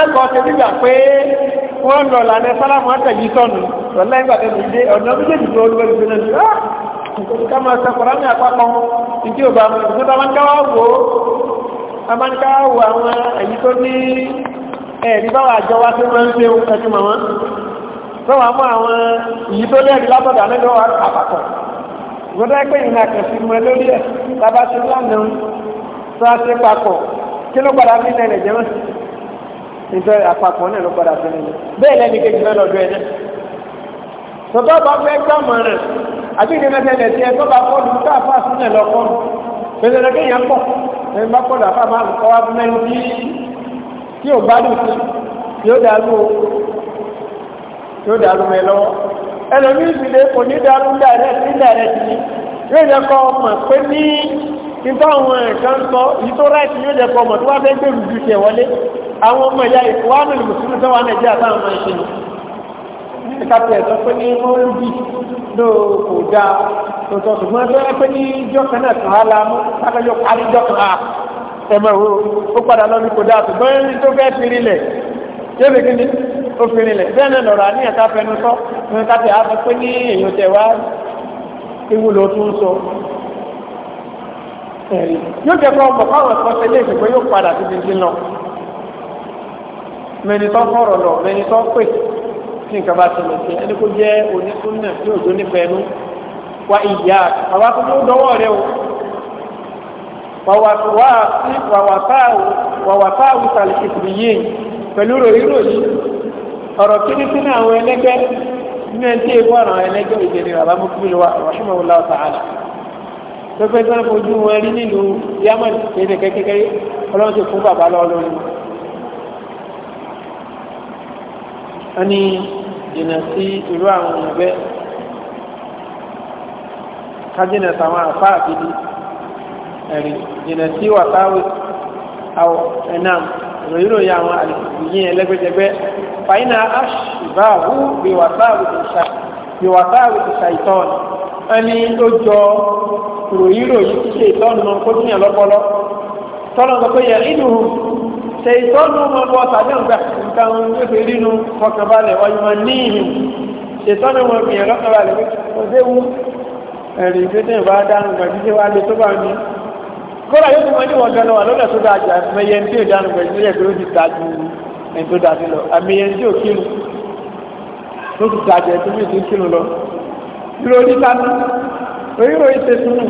ẹ̀kọ́ ti gbígbà pé wọ́n lọ lànà sálámù àtẹ̀yí sọ̀nù lọ́lá ìgbà tẹ̀lé dé ọ̀nà méjèèjì tó olúwẹ̀ lùgbé náà nítorí ká máa sẹ́kọ̀ọ́ ní àpapọ̀ ìdí òbá mi ìdí tó máa ń káwá wò ó a máa ń káwá wò àwọn èyí tó ní ẹ̀rí báwa àjọ wa tó máa ń ṣe ohun kẹjú mọ́ wọn tó wàá mú àwọn èyí gbọ́dọ̀ pé ìrìn àkànṣe mọ lórí ẹ̀ bàbá ṣe lánàá tó a ṣe papọ̀ kí ló padà fi nẹ̀lẹ̀ jẹ́ wọn nítorí àpapọ̀ náà ló padà fi nẹ̀lẹ̀ bẹ́ẹ̀ lẹ́ni kejì náà lọ́dọ̀ ẹ̀ náà tọ́tọ́ bá fẹ́ gbàmọ̀ràn àbí ìdí mẹ́tẹ́ lẹ̀ sí ẹ tó bá kọlu tó àfa sílẹ̀ lọ kọlu pẹ̀lú ẹgbẹ́ yẹn pọ̀ ẹni bá kọlu àfa máa kọ́ wá fún ẹni tí tí ò gbádùn sí yóò dàrú yóò dàrú mẹ́ lọ́wọ́ ẹlòmí ìsìlẹ̀ kò ní darú direct indirect ni yóò jẹ́ kọ́ ọmọ pé ní nígbà àwọn nǹkan sọ yìí tó ráìtì yóò jẹ́ kọ́ ọmọ tó wá fẹ́ gbèrú ju tiẹ̀ wọlé àwọn ọmọ ìyá ìkó wà nínú mùsùlùmí tó wà nàìjíríà táwọn máa ń ṣe ni ìkàtí ẹ̀sọ́ pé ní wọ́n bí ló kò dáa tòótọ́ ṣùgbọ́n tó yẹ pé ní jọ́kan náà tó hálà mú lákàjọ́ parí jọ́kan à ẹ̀mọ̀ ìwò ó padà lọ́nu kò dáa ṣùgbọ́n ní tó fẹ́ fi rí lẹ̀ yóò fi kí ni ó fi rinlẹ̀ bẹ́ẹ̀ náà lọ́rọ̀ àníyàn ká fẹnu sọ fún ká tẹ̀ á fẹ́ pé ní èèyàn tẹ̀ wá ewu ló tún sọ. yóò jẹ́ kọ́ ọmọ fáwọn ẹ̀kọ́ tẹ́lẹ̀ ìṣùgbọ́n yóò padà sí ti dín lọ. mẹni tó fọ̀rọ̀ lọ mẹni pè tí nǹkan bá tẹ̀lé sí ẹni kó jẹ́ onísúnnà tí òjò nífẹ̀ẹ́nu wa ìyá àwa tó tó dọwọ́ rẹ o wàwàfáà wàwàfáà wàwàfáà yìí pẹ̀lú ròyìn ròyìn ọ̀rọ̀ kínníkínní àwọn ẹlẹ́gbẹ́ nínú ẹni tí èkó àwọn ẹlẹ́gbẹ́ ìjẹni bàbá mọ́kúmílì wa rahimahullah ta'ala pẹpẹ tí wọn fojú wọn rí nílùú yamani kéde kékeré ọlọ́run ti fún bàbá lọ́wọ́ lórí wọn ni jìnnà sí ìlú àwọn èèyàn bẹ́ẹ̀ kájínà sáwọn àfa àbídí ẹ̀rí jìnnà sí wàtáwé àwọn ìròyìn ròyìn àwọn àlùfíyìn fàyínà aṣùbáhù bèwàtáwì ṣàìtọ́n ẹni ó jọ ròyìnròyìn tí ṣàìtọ́n náà kó tíyàn lọ́pọlọ tọ́lọ́ sọ pé yẹ inú ṣàìtọ́n náà máa bọ́ sàdé ǹgbà nǹkan wípé rínú fọkànbalẹ̀ ọyọ ní ìlú ṣàìtọ́n náà máa bìyàn lọ́kànbalẹ̀ wípé kò séwu ẹ̀rì ìgbésẹ̀ ìbá dáhùn gbàgbé tí wàá lè tó bá mi kóra yóò ti mọ ní wọ́n gan wà lọ́dọ̀ tó dáa jà mẹyẹ ní tí ò dáhùn gbàgbé yẹ kó ti ta ní tó dájú lọ àmì yẹn tí ò kírun ló ti dàjẹ́ tó bí ti kírun lọ ìrò orí lánà oríro ìṣe tunu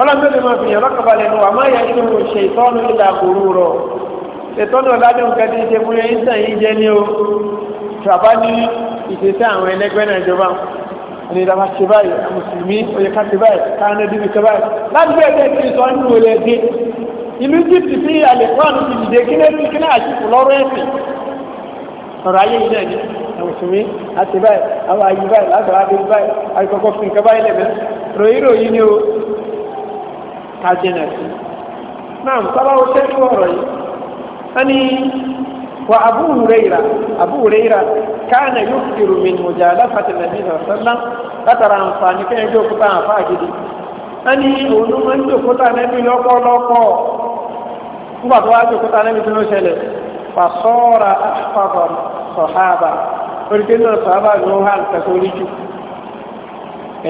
ọlọ́dún lè máa fi yàn lọ́kàbalẹ̀ nù àmọ́ ìyá ìṣe òun ṣe ìtọ́nu ìlà àkóró rọ ìtọ́nu ọ̀dájú nǹkan ti ṣe múlẹ̀ ìṣàn yìí jẹ́ ní o tàbá ní ìṣesẹ́ àwọn ẹlẹ́gbẹ́ náà ìjọba ní ìdáwà ṣe báyìí mùsùlùmí oyè ká ṣe báyìí káàánú ẹbí mi ṣe báyìí láti bẹ́ẹ̀ bẹ́ẹ̀ kí ìṣọ́ nínú ilẹ̀ dé ìlú Egypt sí àlẹ́kọ́ àti ìdìde kí lẹ́nu kí náà àṣìkò lọ́rọ́ ẹ̀sìn ọ̀rọ̀ ayé yìí náà ni àwọn òṣùmí àti báyìí àwọn ayé báyìí látara adé báyìí àìkọ́kọ́ fi nǹkan báyìí lẹ́mẹ́ ròyìn ròyìn ni o kájínà sí náà sábà ó tẹ́lú ọ̀rọ̀ yìí wọ́n ní wa Abu Huraira Abu Huraira káàna yóò fi rùmí mọ̀jà aláfàtì nàbí sọ̀sọ́lá látara àǹfààní kẹ́yìn tó kúta àǹfààní gidi wọ́n ní òun ló máa ń tó wá jòkóta nẹ́bí fasọ́ra afọ́bọ̀ sọ̀hábà ولكن náà sọ̀hábà ló ń hàn kẹ́kọ̀ọ́ oríjì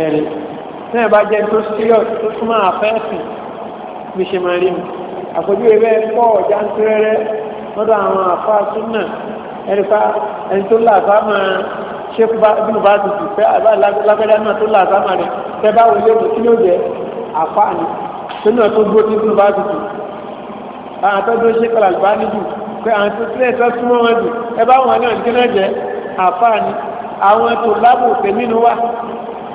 ẹ̀rí náà bá jẹ́ tó síyọ̀ tó súnmọ́ àfẹ́ẹ̀sì bí ṣe máa rí mi àpòjú ẹgbẹ́ pọ̀ ọ̀já ń tẹ́rẹ́rẹ́ lọ́dọ̀ àwọn àfọ́ àtúnà ẹ̀rípa ẹni tó làbá máa ṣe bínú bá tutù fẹ́ lágbẹ́dá náà tó làbá máa rẹ̀ tẹ́ bá wọlé òkú kí ló jẹ́ àfáàní tó náà tó gbó tí bínú bá tutù àwọn àtọ́jú ṣe kọlà lùbá níjù pé àwọn tó sílẹ̀ tó súnmọ́ wọn jù ẹ bá wọn náà jẹ́ náà jẹ́ àfáà ni àwọn tó lábò tẹ̀mínú wà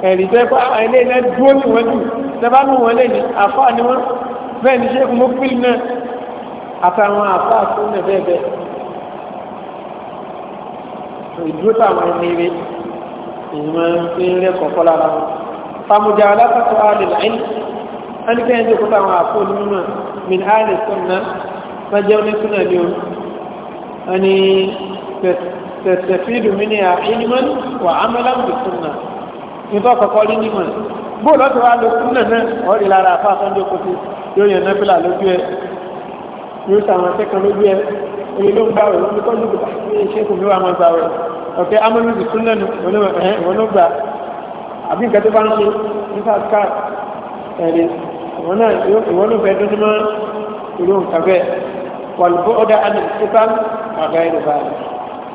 ẹ̀rí tẹ́ bá ilé iná dúró ní wọn jù tẹ́ mú wọn lẹ́yìn àfáà ni wọn bẹ́ẹ̀ ni ṣéèkù mú pílì náà àtàwọn àfáà tó nà bẹ́ẹ̀ bẹ́ẹ̀ ìdúró táwọn ẹni rẹ̀ ìmọ̀ ìrìnlẹ̀ kọ̀ọ̀kọ́ lára wọn fàmùjà alákàtọ̀ àdìláìlì wọn ni kẹ́hìn tó kọ́ táwọn àfóònù mímọ̀ min áàlì sọ̀nà wọ́n jẹ́ onísúnà ní omi wọ́n ní tẹ̀tẹ̀fíìlù mi ní a wà wa lo súnà náà wọ́n rí lára àfa àtọ́jú kòtò yóò yàn nábìlà lójú ẹ yóò sàwọn akẹ́kọ̀ọ́ lójú ẹ èyí ló ń gbà wẹ̀ wọ́n kọ́ lóògùn àti iṣẹ́ kò ní wà máa gbà wẹ̀ ọ̀kẹ́ amẹ́lámù súnà àgbà ẹ̀rọ báyìí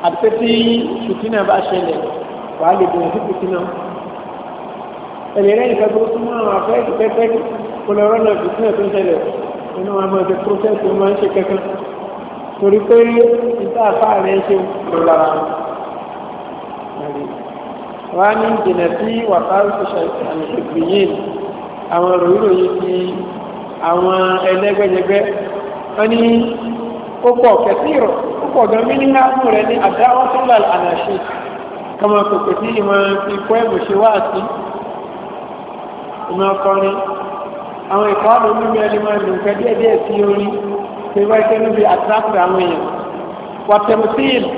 àti tí fìtínà bá ṣẹlẹ̀ wàá lè bẹ̀rẹ̀ sí fìtínà ẹlẹ́rẹ́ ìfẹ́ tó súnmọ́ àwọn afẹ́ ìfẹ́fẹ́ kọlọ́rọ́ náà fìtínà tó ń ṣẹlẹ̀ nínú àwọn ọmọdé protest ló máa ń ṣe kankan torí pé ìta àfáà rẹ̀ ń ṣe lọ́la wá ní ìdènà tí wàtàrí ti ṣàìsànìṣègbè yìí àwọn ròyìnròyìn ti àwọn ẹlẹ́gbẹ́jẹgbẹ́ wọ́n ní ó pọ̀ kẹsí ìrọ̀ púpọ̀ gan mínímà mú rẹ̀ ní àdáwọ́ tó lọ àlàṣe kọmọ kòkò tí ìmọ̀ ikọ́ ẹ̀bùn ṣe wá sí ìmọ̀ ọkọrin àwọn ìkọ́ àwọn onímọ̀ ẹni máa lò nǹkan díẹ̀ díẹ̀ sí orí pé wáyé tẹ́ níbi àtàkùn àwọn èèyàn wàtẹ̀mù sí ìlú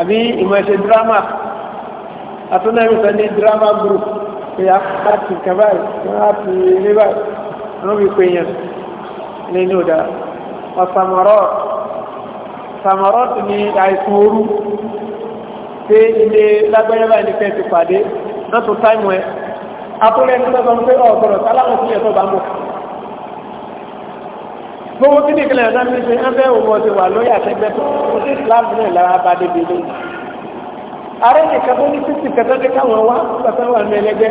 àbí ìmọ̀ ẹ̀ṣẹ̀ dírámà àtúnẹ̀rù sọ ní dírámà group pé a láti kẹfà láti rí báyìí wọ́n fi pè yàn nínú dára ọ̀sàmọ̀rọ̀ sàmọ̀rọ̀ tù ní àìsàn orú pé ilé lágbẹ́rẹ́ báyìí nìkan ti pàdé náà tó táìmù ẹ akúrẹ́ ní sọ́sọ́ pé ọ̀gọ̀rọ̀ sálámù sí ẹ̀tọ́ bá mọ̀ gbogbo kí nìkan náà ní ṣe ń bẹ́ òun ọ̀sẹ̀ wà lórí àtẹ́gbẹ́ tó kò sí Islam náà lára bá débi lónìí ààrẹ nìkan tó ní sísì kẹtẹ́tẹ́ káwọn wá pẹ̀sẹ̀ wà ní ẹlẹ́gbẹ́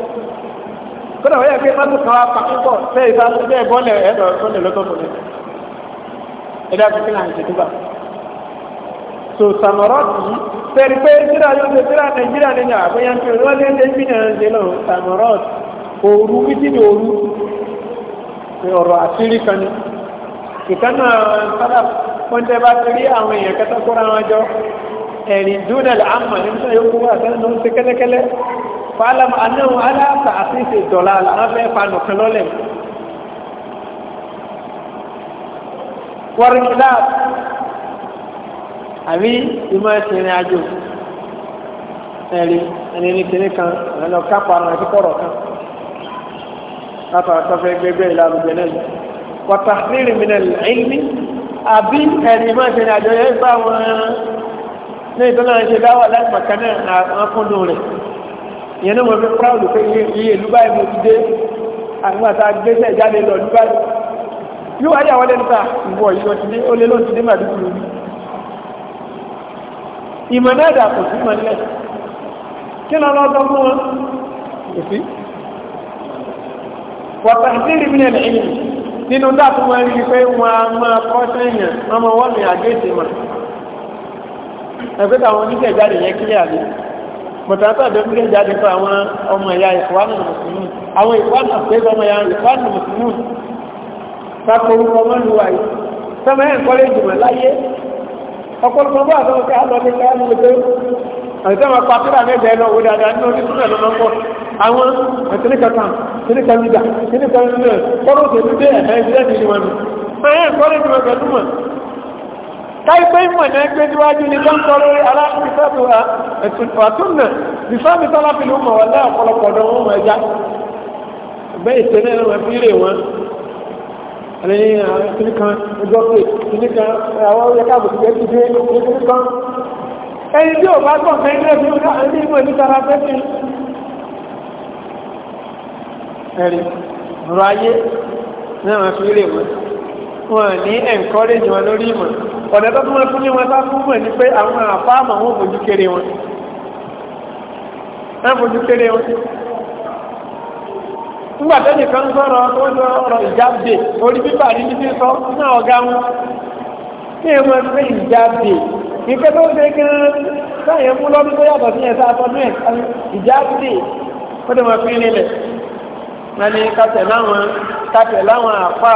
kódà wọ́n yẹ pé mọ́tò kan wá pàkí pọ̀ fẹ́ ìfà fẹ́ ìbọ́lẹ̀ ẹ̀dọ̀ ìbọ́lẹ̀ lọ́tọ̀ọ̀tọ̀ ẹ̀dá fífi náà ń ṣe túbà. so samọ̀rọ̀ yìí fẹ́ẹ̀rí pé síra yóò ṣe síra nàìjíríà nìyà àbúyá tó wọ́n lé ní ẹgbẹ́ náà ń ṣe lọ samọ̀rọ̀ òru méjì ní òru ọ̀rọ̀ àṣírí kan ni ìkànnà sábà wọ́n tẹ́ bá ti rí àwọn èèyàn kẹta kóra wọn jọ ẹ̀rìn dúnà àmà nígbà yóò kó wà sẹ́nu ṣe kẹ́lẹ́kẹ́lẹ́ fàálàmù anáwó aláàtà àfihàn ìdọ̀là aláfẹ́ fanù kan lọ́lẹ̀. wọ́rìndà àbí ìmọ̀ ìsìnrìn àjò ẹ̀rí ẹni ní kinní kan ẹ̀rọ kápá àwọn akẹ́kọ̀ọ́ kan látara tó fẹ́ gbẹgbẹ́ ìlànà ìgbẹ́lẹ́ yìí wọ́tà rírì mi náà ẹ̀mí àbí ẹ̀rí ìmọ̀ ìsìnrìn àjò yẹn gbà wọ́n ní ìtọ́lá ìṣẹ̀dáwà láti màkánná àwọn akúndùn rẹ̀ ìyẹn náà mo fi proud pé iye ìlú báyìí mo ti dé àwọn àti agbésẹ̀ jáde lọ ìlú báyìí yóò wáyé àwọn ẹni ta ìwọ ìṣọ́ ti dé ó lé lóun ti dé màdúgbò lórí ìmọ̀ náà dà kò sí mọ̀ nílẹ̀ kí lọ lọ́ sọ fún wọn kò sí wàtà sí rí mílẹ̀ lẹ́yìn nínú dáàtú wọn rí pé wọn a máa kọ́ sẹ́yìn wọn máa wọ́n mi àgbésẹ̀ mọ̀ ẹgbẹ́ mọ̀tàtà àbẹ̀mílẹ̀ jáde fún àwọn ọmọ ẹ̀yà ìfọwánà mùsùlùmí àwọn ìfọwánà pẹ̀lú ọmọ ẹ̀yà ìfọwánà mùsùlùmí sàkórúkọ mọ́lúwà yìí sọmọ ẹ̀ kọ́lé ìjùmọ̀ láyé ọ̀pọ̀lọpọ̀ bá àtọ́wọ́ kí á lọ ní káyà lóde àìsàn máa pa kíra mẹ́jẹ ẹ̀ lọ́wọ́ dáadáa nínú orí sílẹ̀ ló máa ń bọ̀ káìpé ìmọ̀ náà gbé síwájú ní tó ń sọ lórí aláàfíìsọ́tò àtúnnà bífáàmì sọ́láfìlú mọ̀ wọ́n náà ọ̀pọ̀lọpọ̀ ọ̀dọ́ wọn mọ̀ ẹja ẹgbẹ́ ìṣe náà ló fi rè wọn ẹlẹ́yìn àwọn kìnnì kan ojú ọ̀pẹ̀ kìnnì kan àwọn ọ̀rẹ́ káàbù ti gbé dé kìnnì kan ẹni tí ò bá gbọ̀n kẹ́ńdé fún ní ìmọ̀ ní tara fẹ́sìn ẹ̀rí ọ̀rọ̀ ayé náà fi rè wọn wọn ní encourage wọn lórí ìmọ̀ ọ̀nà tó tún wọn fún ní wọn sá fún mọ̀ ní pé àwọn àfáàmà wọn fojú kéré wọn wọn fojú kéré wọn nígbà tẹ́lẹ̀ kan sọ̀rọ̀ tó ń sọ̀rọ̀ ìjáde orí bíbà ní títí sọ ní ọ̀gá wọn ní ẹ̀mọ́ ẹgbẹ́ ìjáde ìpẹ́ tó ṣe gan-an sáyẹn mú lọ́dún tó yàtọ̀ sí ẹ̀sà àtọ́dún ẹ̀ ìjáde ó dẹ̀ máa fi nílẹ̀ wọn ni kàtẹ̀ láwọn kàtẹ̀ láwọn àpá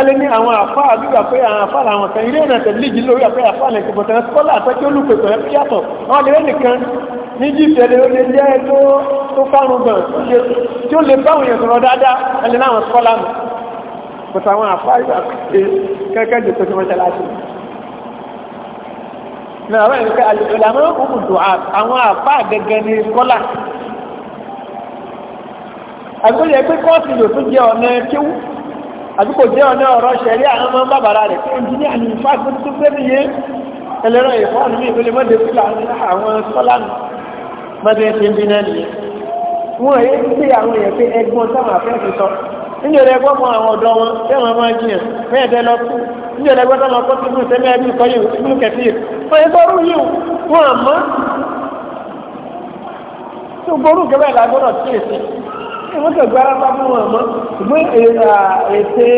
ẹlẹ́ ní àwọn àfá àbígbà pé àwọn àfá làwọn kan ilé ìrìnà tẹ̀lé jì lórí àpẹ́ àfá nìkan bọ̀tẹ̀ sọ́lá àpẹ́ tí ó lù pẹ̀tọ̀ ẹ̀kí yàtọ̀ àwọn àlẹ́ nìkan ní jíìtẹ̀lẹ̀ ó lè jẹ́ tó fárun gan tí ó lè báwọn èèyàn sọ̀rọ̀ dáadáa ẹlẹ́ láwọn sọ́lá nù bọ̀tẹ̀ àwọn àfá kẹ́kẹ́ jù tó ti mọ́ tẹ́láṣì àwọn ẹ̀ka àlùfẹ́lámọ́ òkùnkùn àwọn àfá gẹ́gẹ́ ní sọ́lá àgbóyè pé kọ́ọ̀sì lò tó jẹ́ ọ̀nà kéwú àbí kò jẹ́ ọ̀nà ọ̀rọ̀ ṣẹ̀rí àwọn ọmọ bàbára rẹ̀ fún ìjìnlẹ̀ àmì ìfáàkùn tó fẹ́ nìyẹ ẹlẹ́rọ ìfọ́nù ní ìpele mọ́dé fílà àwọn sọ́lánù mọ́dé ti ń bínà nìyẹn wọ́n yé sí àwọn èèyàn pé ẹgbọ́n táwọn afẹ́fẹ́ sọ níjọba ẹgbọ́n mọ àwọn ọ̀dọ́ wọn tẹ́wọ̀n máa jiyàn bẹ́ẹ̀ tẹ́ lọ kú níjọba ẹgbọ́n táwọn akọ́ tó fún sẹ́mi ẹbí ìkọ́yìn ìbúlù kẹfì wọ́n yẹ sọ́rú yìí wọ́n àmọ́ tó gbórú kẹfẹ́ làgbọ́dọ̀ tíyèsí wọ́n tẹ̀ gbára bá fún wọn mọ́ ṣùgbọ́n ète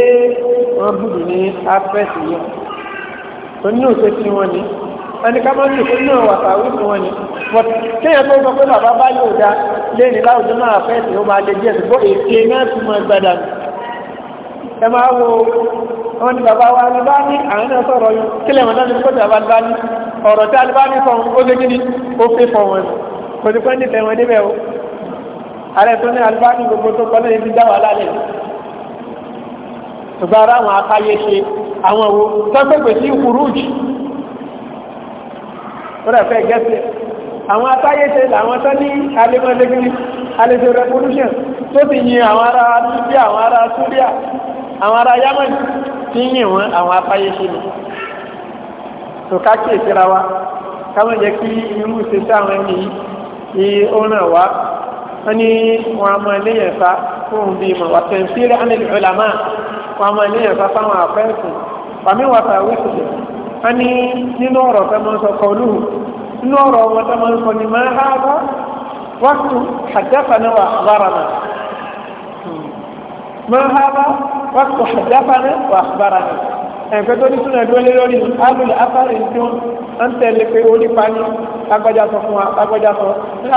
wọn bùdù ní afẹ́sì yẹn tó ní òṣè tí wọ́n ní ẹni ká máa ń lò nínú ọ̀wà tàwí fún wọn ni but kéèyàn tó sọ pé bàbá bá yóò dá léèrè láwùjọ náà afẹ́sì ó máa lè díẹ̀ ṣùgbọ́n ète náà tún máa gbàdà ẹ máa wo wọn ni bàbá wa ni bá ní àwọn náà sọ̀rọ̀ yẹn kílẹ̀ wọn náà ni kó bàbá bá ní ọ̀rọ̀ tí alibá ní sọ̀rọ̀ ó lé kí ni ó fẹ́ fọ̀ wọn kò sí pé nífẹ̀ẹ́ wọn débẹ̀ o ààrẹ tó ní alifáàdì gbogbo tó kọ́ lẹ́yìn ti dá wà lálẹ́ ṣùgbọ́n ara àwọn akáyé ṣe àwọn wo tọ́pẹ̀pẹ̀ sí ìkúrúùjì wọ́n rẹ̀ fẹ́ gẹ́sẹ̀ àwọn atáyé ṣe làwọn tó ní alẹ́mọ́lẹ́gbẹ̀rẹ̀ alẹ́sẹ̀ revolution tó ti yin àwọn ará libya àwọn ará syria àwọn ará yemen tí ń wọn àwọn atáyé ṣe ni tó káàkì ìsira wa káwọn jẹ́ kí irú ìṣẹ́ṣẹ́ àwọn ẹni yìí ó ràn wá wọ́n ní wọn a máa léyìn ẹ̀fá fún bí mọ̀ wà tẹ̀síìrì ánìlì ọ̀làmá wọn a máa léyìn ẹ̀fá fáwọn àfẹ́sùn wàmí wà fà wíṣù wọ́n ní nínú ọ̀rọ̀ fẹ́ máa ń sọ kọlu nínú ọ̀rọ̀ wọn tó máa ń sọ ní máa ha bọ́ wákùtù àjáfàná wà bárànà hmm. máa ha bọ́ wákùtù àjáfàná wà bárànà ẹ̀fẹ́ tó ní súnà dúró lé lórí ábùlẹ̀ afárẹ̀ tí wọ́n ń tẹ̀lé pé orí pa ní agbájá sọ fún wa agbájá sọ.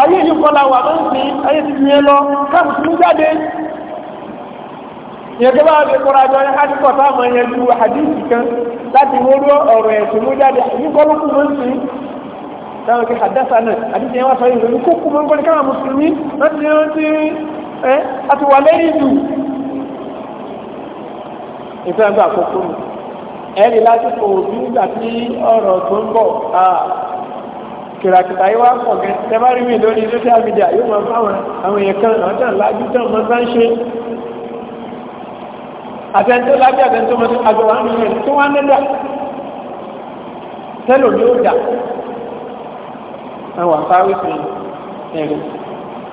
ayé yìí kọ́ la wà ló ń sìn ayé ti fi yẹn lọ káàmù tó ń jáde. ìyẹn tó bá wà lè kọ́ra jọ ní adìkọ̀ táwọn ẹ̀yẹ ju àdìsí kan láti wóró ọ̀rọ̀ ẹ̀sùn mú jáde yìí kọ́ ló kú mọ́ sí táwọn kí àdásá náà àdìsí yẹn wá sọ yìí lórí kókó mọ́ nǹkan ẹ̀rí lásìkò òbí nígbà tí ọ̀rọ̀ tó ń bọ̀ kìràkìtà yìí wá pọ̀ gẹ́ tẹ́bárí mi lórí social media yóò máa fáwọn àwọn èèyàn kan àwọn tàn lájú tán mọ́ bá ń ṣe àtẹ́ntó lájú àtẹ́ntó mọ́ tó àjọ wọn nìyẹn tó wá nílẹ̀ tẹ́lò ní ó dà àwọn àfáwí sí ẹ̀rí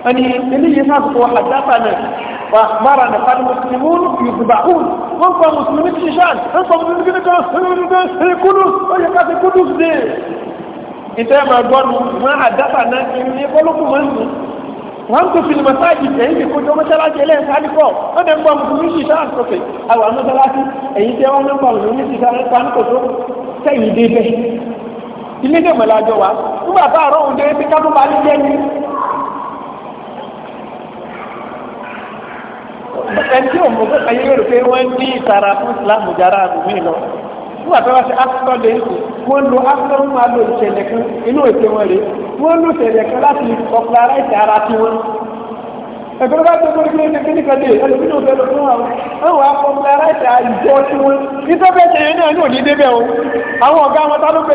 ẹni eléyìí náà tó wà dábàá náà wà mara nà fani mùsùlùmí yùgbàhùn wọ́n pa mùsùlùmí ti ṣáàn wọ́n pa mùsùlùmí kí nìkan ṣe kúdùs ó yẹ ká ṣe kúdùs dé ìtẹ́ máa gbọ́nu wọ́n àdábàá náà ìrìn ẹgbẹ́ lókùn mọ́ nù wọ́n tó fi mọ́sáàjì ẹ̀yìn ti kójọ mọ́sálásí ẹlẹ́ẹ̀sáàjì pọ̀ wọ́n tẹ́ ń pa mùsùlùmí ṣìṣà àtòkè àwọn mọ́sálásí ẹ̀yìn tẹ́ wọ́n ń pa mùsùlùmí ṣìṣà nípa ní kòtó sẹ́yìn dé bẹ́ẹ̀. ilé dèmọ̀lájọ wa nígbà tá àárọ̀ òde ti ká tó bá ní jẹ́ ni ẹni tí òun mọ̀ ayé rẹ̀ pé wọ́n ní ìtara fún ìsìlámù jára àbùmí lọ nígbà tó wá sí áfíríkà lè kù wọ́n lo áfíríkà wọn máa lo ìṣẹ̀lẹ̀ kan inú ètò wọn rè wọ́n lo ìṣẹ̀lẹ̀ kan láti ọ̀pọ̀ ara ìta ara tí wọ́n. ẹ̀gbọ́n bá tó kọ́ni kílódé kílódé kílódé kílódé kílódé kílódé kílódé kílódé àwọn àwọn ara ìta ìjọ tí wọ́n. nítorí ṣe yẹn náà ní òní débẹ̀ o àwọn ọ̀gá wọn tá ló pe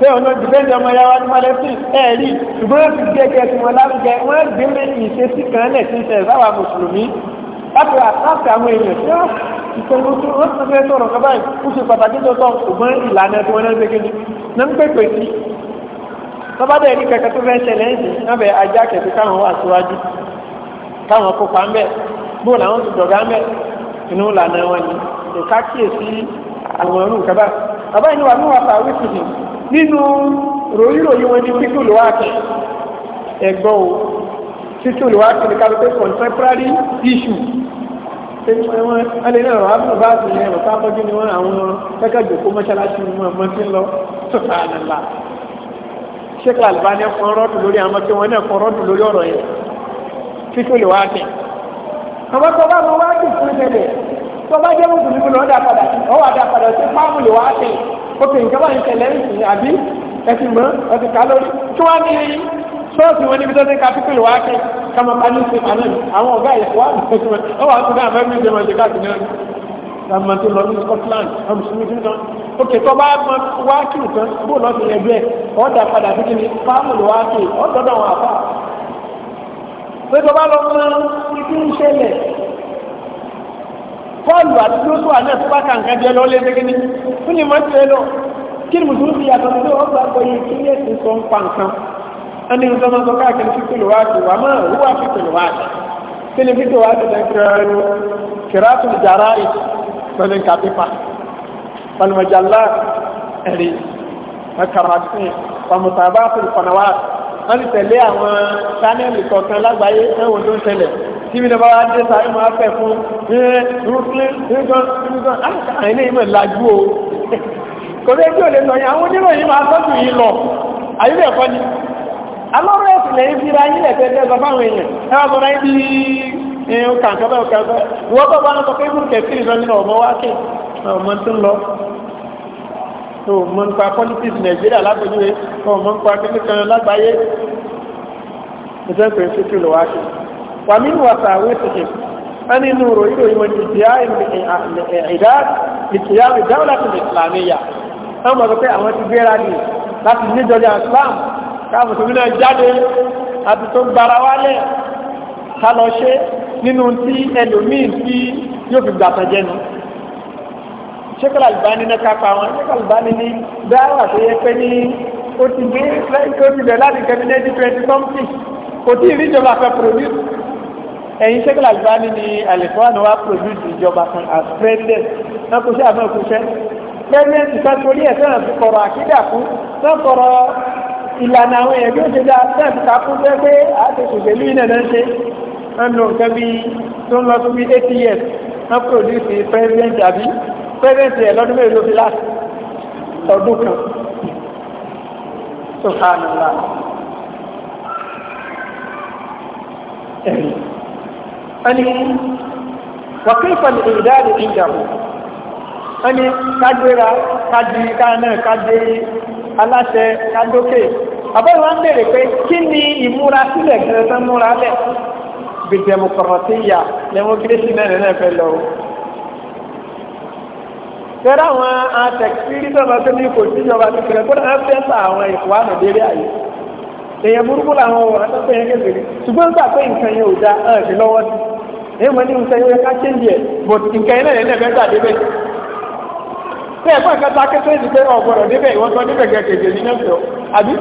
pé ọ̀nà dìbẹ́ǹdì ọmọ ya wa ní palestine ẹ̀ẹ́rì ṣùgbọ́n wọ́n ti gbé ẹgbẹ́ tí wọ́n lárugẹ wọ́n gbé méjì ṣe sí kan lẹ̀ sí ṣẹ̀ báwa mùsùlùmí láti àtàkì àwọn èèyàn tí wọ́n ìṣòro tí wọ́n ti fẹ́ sọ̀rọ̀ kọ́ báyìí ó ṣe pàtàkì tó tọ́ ṣùgbọ́n ìlànà tí wọ́n náà ṣe kéde náà ń pèpè sí tọ́bádẹ́ ní kẹ̀kẹ́ tó fẹ́ ṣẹlẹ̀ ń sìn náà bẹ ajá kẹ̀kẹ́ káwọn wà síwájú káwọn kópa ń bẹ̀ bóun làwọn ti dọ̀gá ń bẹ̀ inú ìlànà wọn ni ìka kíyèsí àwọn ọ̀rùn kẹba bàbá yìí wà ní wàá fà wíṣìṣì nínú ròyìnròyìn wọn ní títù lùwàkì ẹ̀gbọ́n o títù lùwàkì ní kálukú contemporary issue ẹ̀wọ̀n alẹ́ náà rọ̀ ábùrù bá sì yẹn rọ̀ká mọ́jú ni wọ́n àwọn kẹ́kẹ́jọ̀kọ́ mọ́ṣáláṣí wọn mọ́ sí lọ sọ̀tà àlàlà ṣékà àlùbáni ẹ̀fọn rọ́ọ̀dù lórí àwọn tí wọ́n náà fọ́n rọ́ọ̀dù lórí ọ̀rọ̀ yẹn títù lùwàkì àwọn tó bá mọ wákì fún ìṣẹ̀lẹ̀ tó bá jẹ́ mùsùlùmí kò lọ́ọ́ dá padà ọwọ́ àdá padà ṣe páàmù lè wá sí òkè ìjọba ìṣẹ̀lẹ̀ ìsìn àbí ẹ̀sìn mọ́ ẹ̀sìn kálórì tí wọ́n ní sọ́ọ̀sì wọn níbi tó ti ka pípìlì wá kí kama pali ṣe àná àwọn ọ̀gá ìyàwó àmì ṣẹ́kí wọn ó wà á tún dá àmọ́ ẹ̀mí ìjẹun ọ̀jẹ̀ káàkiri náà làmà tó lọ ní Scotland àmì sinmi tí náà òkè tó bá mọ wá kí nǹkan bó lọ́ọ́ fi yẹjú ẹ̀ ọ̀dà padà sí kí ni fámùlì wá kí ọ̀dọ́dọ̀ àwọn àfà pé tó bá Pọ́ọ̀lù àti Jósùwà náà tó bá kà nǹkan jẹ lọ lé dégéní fún ni mọ́tò ẹ lọ kí ni mùsùlùmí fi yàtọ̀ nílé ọgbà gbọ́yé kí ní ẹ̀sìn sọ ń pa nǹkan ẹni nǹkan máa ń sọ káàkiri fi pèlò wá sí wàá máa wúwà fi pèlò wá sí kí ni fi pèlò wá sí lẹ́kìrẹ́ ẹnu kìrátù jàrá ì lọ́dún ká pípa pàlùmọ̀jàlá ẹ̀rí ẹ̀kàràtì pàmùtàbá ìfọ̀nàwá wọ́n tẹ̀lé àwọn sánẹ́ẹ̀lì kọ̀ọ̀kan lágbàáyé ẹ̀wọ̀n tó ń tẹ̀lẹ̀ tíbi lọ́ba wa dé sáré máa fẹ́ fún ẹ́ rúkúlé nǹkan nǹkan àwọn ilé ìmọ̀ làjú o kò dé tí ò lè sọ yẹn àwọn oníròyìn máa tọ́jú yìí lọ àyílẹ̀ ẹ̀kọ́ ni alọ́rọ̀ ẹ̀sìn lẹ́yìn fira yín lẹ́tẹ̀ tẹ́ sọ fáwọn èèyàn ẹ wá sọ̀rọ̀ ibi ẹ̀hún kàǹkàbẹ́ òkàǹkà wọ́n bọ̀ bá ń sọ pé ibùdó kẹ̀sì lọ nínú ọmọ wa kì ọmọ tó ń lọ tó mọ nípa politics Nàìjíríà lápẹjúwe ọmọ nípa kíkẹ́ kan lágbàáyé ìjẹ́ pé fíkì lọ wá kì í. ومن nínú أن àwọn ètòkè من nínú ròyìn ròyìn wọn ìdíyà ìdá ìtìyà ìdáwọlá tó lè islamiyà wọn mọ̀ pé àwọn ti gbéra ní láti níjọba islam káàmù tó náà jáde àti tó gbara wálẹ̀ ká lọ ṣe nínú tí ẹlòmíì tí yóò fi gbàtàn jẹnu ṣékàlà ìbáni náà kápá wọn ṣékàlà ìbáni ní dáhà tó pé ní ó ti gbé láti kẹ́mi twenty something kò tí ì ríjọba fẹ́ produce ẹ̀yin ṣẹ́kìlá gbani ni àlẹ́kọ́wánì wa produce ìjọba kan as president náà kò sí àmọ́ ìkúṣẹ́ president kan torí ẹ̀ sẹ́nà ti kọ̀rọ̀ àkídà fún náà kọ̀rọ̀ ìlànà àwọn èèyàn bí ó ṣe dá sẹ́nà ti kà fún pé àtẹ̀sùn pẹ̀lú ìnà náà ṣe ń lo nǹkan bí tó ń lọ tó bí eighty years náà produce president àbí president ẹ̀ lọ́dún mélòó fi láti ọdún kan subhanallah ẹ̀rí ẹni wàkífà ní ìdáàdì ìjàmù ẹni kágbéra kájú káàná kájú aláṣẹ kájókè àbẹ́rẹ́ wa ń bèèrè pé kí ni ìmúra sílẹ̀ gẹ́gẹ́ tán múra lẹ̀ gbèdémù kọ̀rọ̀ sí ìyà lẹ́wọ́n kérésì náà nínú ẹ̀fẹ́ lọ. tẹ́lá àwọn atẹ̀kírí sọ̀rọ̀ tó ní kò sí ìjọba tó kéré kó náà fẹ́ sà àwọn ìfọ̀ àná délé àyè. èèyàn burúkú làwọn wọ̀n àtọ́kùn yẹn kékeré ṣùgbọ́n gbà pé nǹkan yẹn ò da ẹ̀ sí lọ́wọ́ sí i ẹ mọ ní nǹkan yẹn ká ṣe ń yẹ bò nǹkan yẹn lẹ́yìn lẹ́fẹ̀ẹ́ gbà débẹ̀ ṣé ẹ̀gbọ́n nǹkan ta kẹ́kẹ́ ti pé ọ̀gbọ̀rọ̀ débẹ̀ ìwọ́n sọ débẹ̀ gẹ̀gẹ̀gẹ̀ ní nẹ́fẹ̀ọ́ àbí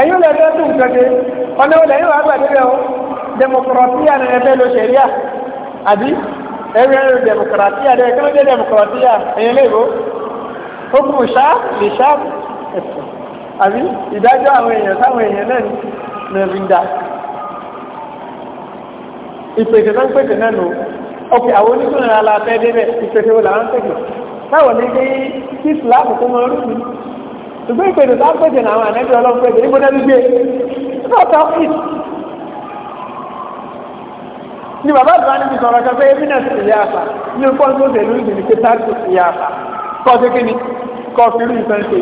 ẹ̀yìn lè fẹ́ tún nǹkan ṣe ọ̀nà olè yóò wá gbà débẹ̀ o dẹmọkùrọ̀tíyà ni ẹ̀fẹ́ lo ṣẹ̀ríà àbí ẹ̀rọ ẹ̀rọ dẹmọkùrọ̀tíyà dẹ̀ kí ló dé dẹmọkùrọ̀tíyà ẹ̀yìn lè o ó kú ṣáà lè ṣáà àbí ìdájọ́ àwọn èèyàn sáwọn èèyàn náà ní ẹ̀rìndà ìpèsè tó ń pèsè náà nù ok àwọn oníṣòwò ala fẹ́ débẹ̀ ìpèsè wo làwọn pèsè táwọn ní kí kí ìsìláàmù kó máa rúbi ṣùgbọ́n ìpèsè tó ń pèsè náà àwọn ànẹ́bí ọlọ́run pèsè níbo náà gbígbé lọ́tọ̀ ìt ni bàbá àgbà níbi sọ̀rọ̀ kan pé ẹ́mínà sì yá àfà ní ọkọ̀ tó tẹ̀lú ìdìbò pé táàkì sì yá àfà kọ́ pé kíni kọ́ fi rí ìtàn ṣe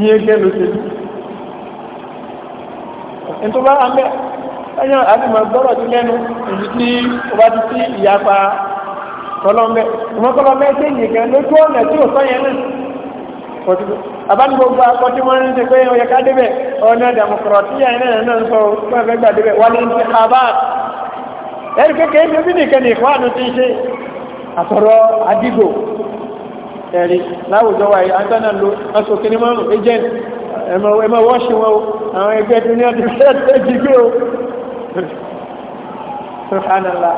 yí lẹ̀ yí ẹ̀yàn àdìmọ̀ gbọ́rọ̀ ti lẹ́nu èyí tí ó bá ti sí tí èyí kan lójú ọ̀nà tí ò sọ náà àbáni gbogbo akọ́tí wọ́n ń ṣe pé ó yẹ ká débẹ̀ ọ̀nà dẹmọkọ̀rọ̀tì yẹn náà sọ fún ẹgbẹ́ wọ́n ti subhanallah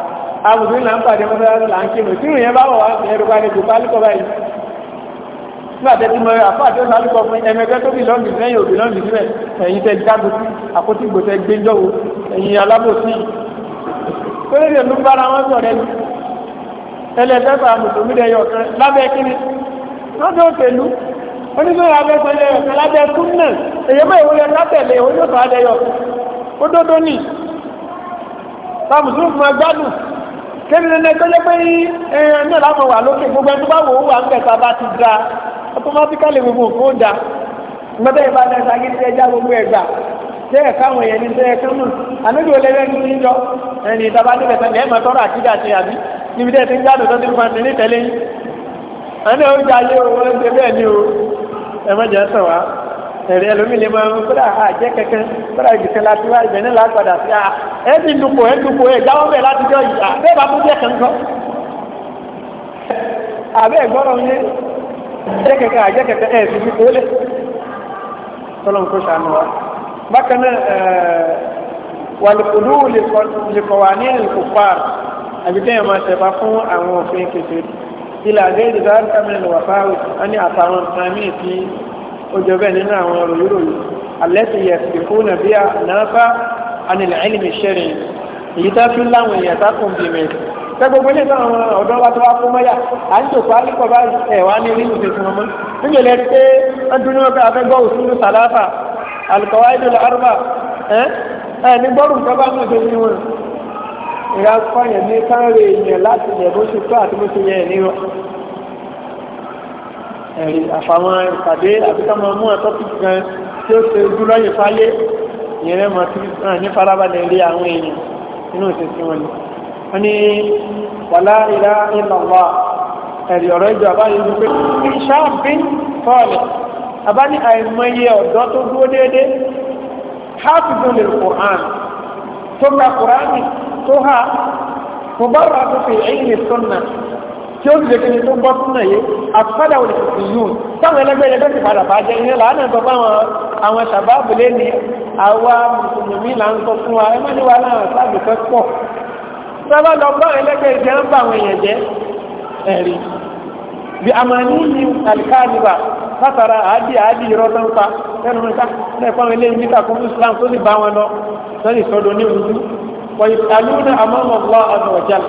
àbùkù ńlá ń pàdé mọ́sálásí là ń kírun tí ìrìn yẹn bá wọ̀ wá sí ẹ̀rọ pàdé kò pálíkọ̀ báyìí nígbà tẹ́tí mọ àpá àti ọ̀sán alùpùpù fún ẹ̀mẹ́gbẹ́ tó bí lọ́ọ̀dì lẹ́yìn òbí lọ́ọ̀dì síbẹ̀ ẹ̀yin tẹ́ jágbe sí àkótí gbòtẹ́ gbẹ́jọ́wò ẹ̀yin alábòsí torí rẹ̀ ló bára wọn sọ̀rọ̀ ẹni ẹlẹ́fẹ́fà mùsùlùmí dẹ̀ yọ̀ kan lábẹ́ kíni wọ́n tó tẹ̀lú oníṣòwò abẹ́sọ̀lẹ̀ yọ̀ kan lábẹ́ kúnnà èyí mọ̀ ìwúlẹ̀ látẹ̀lẹ̀ oníṣòwò adẹ́yọ̀ ó dódó nìyí táwọn mùsùlùmí máa gbádùn kébí nínú ẹgbẹ́ jẹ́ náà láwọn wà lókè gbogbo wò wà ń bẹ̀ta bá ti da automatically gbogbo ó da gbọ́dọ̀ ẹja gbogbo ní ní jọ ẹni ìtaba níbẹ̀ àkídà ṣe àbí níbi tẹ́ ti ń ẹ̀rí ẹlòmíì lè máa ń kódà àjẹ́ ah, kẹ̀kẹ́ kódà ìgbìkan láti wá ìbẹ̀ náà láti padà sí à ah, ẹ̀ ti dupò ẹ̀ dupò ẹ̀ jáwọ́ bẹ̀ láti jọ ìyá ah, bẹ́ẹ̀ bá tún jẹ́ kankan. àbẹ́ ẹ̀gbọ́rọ̀ ń yé àjẹ́ kẹ̀kẹ́ àjẹ́ kẹ̀kẹ́ ẹ̀ ti fi kólé tọ́lọ́n kó sànù wa. bákan náà wàlùkùdù lìkọ̀wà ní ìkùpà àbíkẹ́yìn máa ṣẹ̀fà fún àwọn òfin kékeré ilà àgẹ́ ìdìbò àríkàmẹ́lì wà fáwọn ó jọ bẹ́ẹ̀ nínú àwọn ròyìnròyìn alẹ́sì yẹ fìfúnà bí a náà bá anìlẹ̀ ẹ̀lìmì ṣẹ́rin èyí tá fi láwọn èèyàn tá kùn bí mi tẹ gbogbo ní àwọn ọ̀dọ́ wa tó wá fún mọ́yà à ń jòkó alíkọ̀ bá ẹ̀ wá ní orí ìwòsàn fún ọmọ nígbè lẹ́rí pé wọ́n dún afẹ́gbọ́ òṣùlù sàlàfà alùkọ̀wá ìdílé arúgbà ẹ̀ ní gbọ́rù nǹkan bá mú ìdílé wọn ìrà kọ́yẹ̀ ní kánrè èèyàn láti yẹ̀ bó ṣe tó àti bó ṣe yẹ ẹ̀ níwọ̀n ẹ̀rí àfàwọn ìpàdé àbíkàmọ́ mú àtọ́pì kan tí ó ṣe ojú lọ́yìn fáyé ìyẹn mọ̀ tí wọ́n ní farabalẹ̀ rí àwọn èèyàn inú ìṣẹ̀sí wọn ni wọ́n ní wàlá ìlà ìlànà ẹ̀rí ọ̀rọ̀ ìjọ àbáyé wípé tí ó lè fi tó bọ́ fún ẹ̀yẹ àtúpadà wọlé tuntun yìí táwọn ẹlẹgbẹ́ ẹlẹgbẹ́ ti padà bàjẹ́ ìyẹn làánà tó bá wọn àwọn sàbáàbù lé ní àwa mùsùlùmí là ń sọ fún wa ẹ má ní wa náà sáàbù fẹ́ pọ̀ sábà lọ bá ẹlẹgbẹ́ ìjẹ́ ń bá àwọn èèyàn jẹ́ ẹ̀rí bí a máa ní ní àlìkáàdìbà látara àádì àádì irọ́ tó ń pa lẹ́nu mẹ́ta lẹ́ẹ̀kọ́ àwọn eléyìí níta fún Islam tó sì bá wọn lọ lọ́nà ìsọdọ̀ ní òwúrú wọ́n ìtàlú náà àmọ́ ọ̀gbọ́n àgbọ̀jálà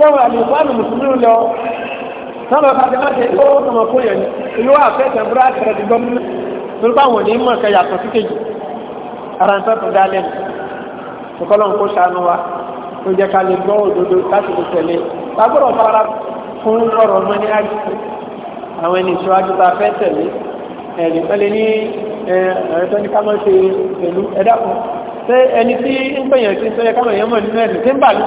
sọ́wọ́ àlùfáàlù mùsùlùmí lọ sọ́wọ́ bàtà láti ó ọmọ kó yẹn ìlú wa fẹ́ tẹ̀búrà kẹrẹ ti gbọ́n nínú bá wọn ní mọ̀ kẹ yàtọ̀ sí kejì ara ń tọ́tù dá lẹ́nu ìkọlọ́ ń kó sànú wa ó jẹ́ ká lè gbọ́ òdodo láti lè tẹ̀lé lágbọ́dọ̀ fara fún ọ̀rọ̀ ọmọ ní àjùkù àwọn ẹni ìṣíwájú ta fẹ́ tẹ̀lé ẹ̀rì pẹ́lẹ́ ní ẹ̀rẹ́tọ́ ní ká mọ́ ṣe pẹ̀lú ẹ̀dá kan ṣé ẹni tí ń pèyàn sí sọ́yẹ́ káwọn èèyàn mọ̀ nínú ẹ̀sìn tí ń bà ló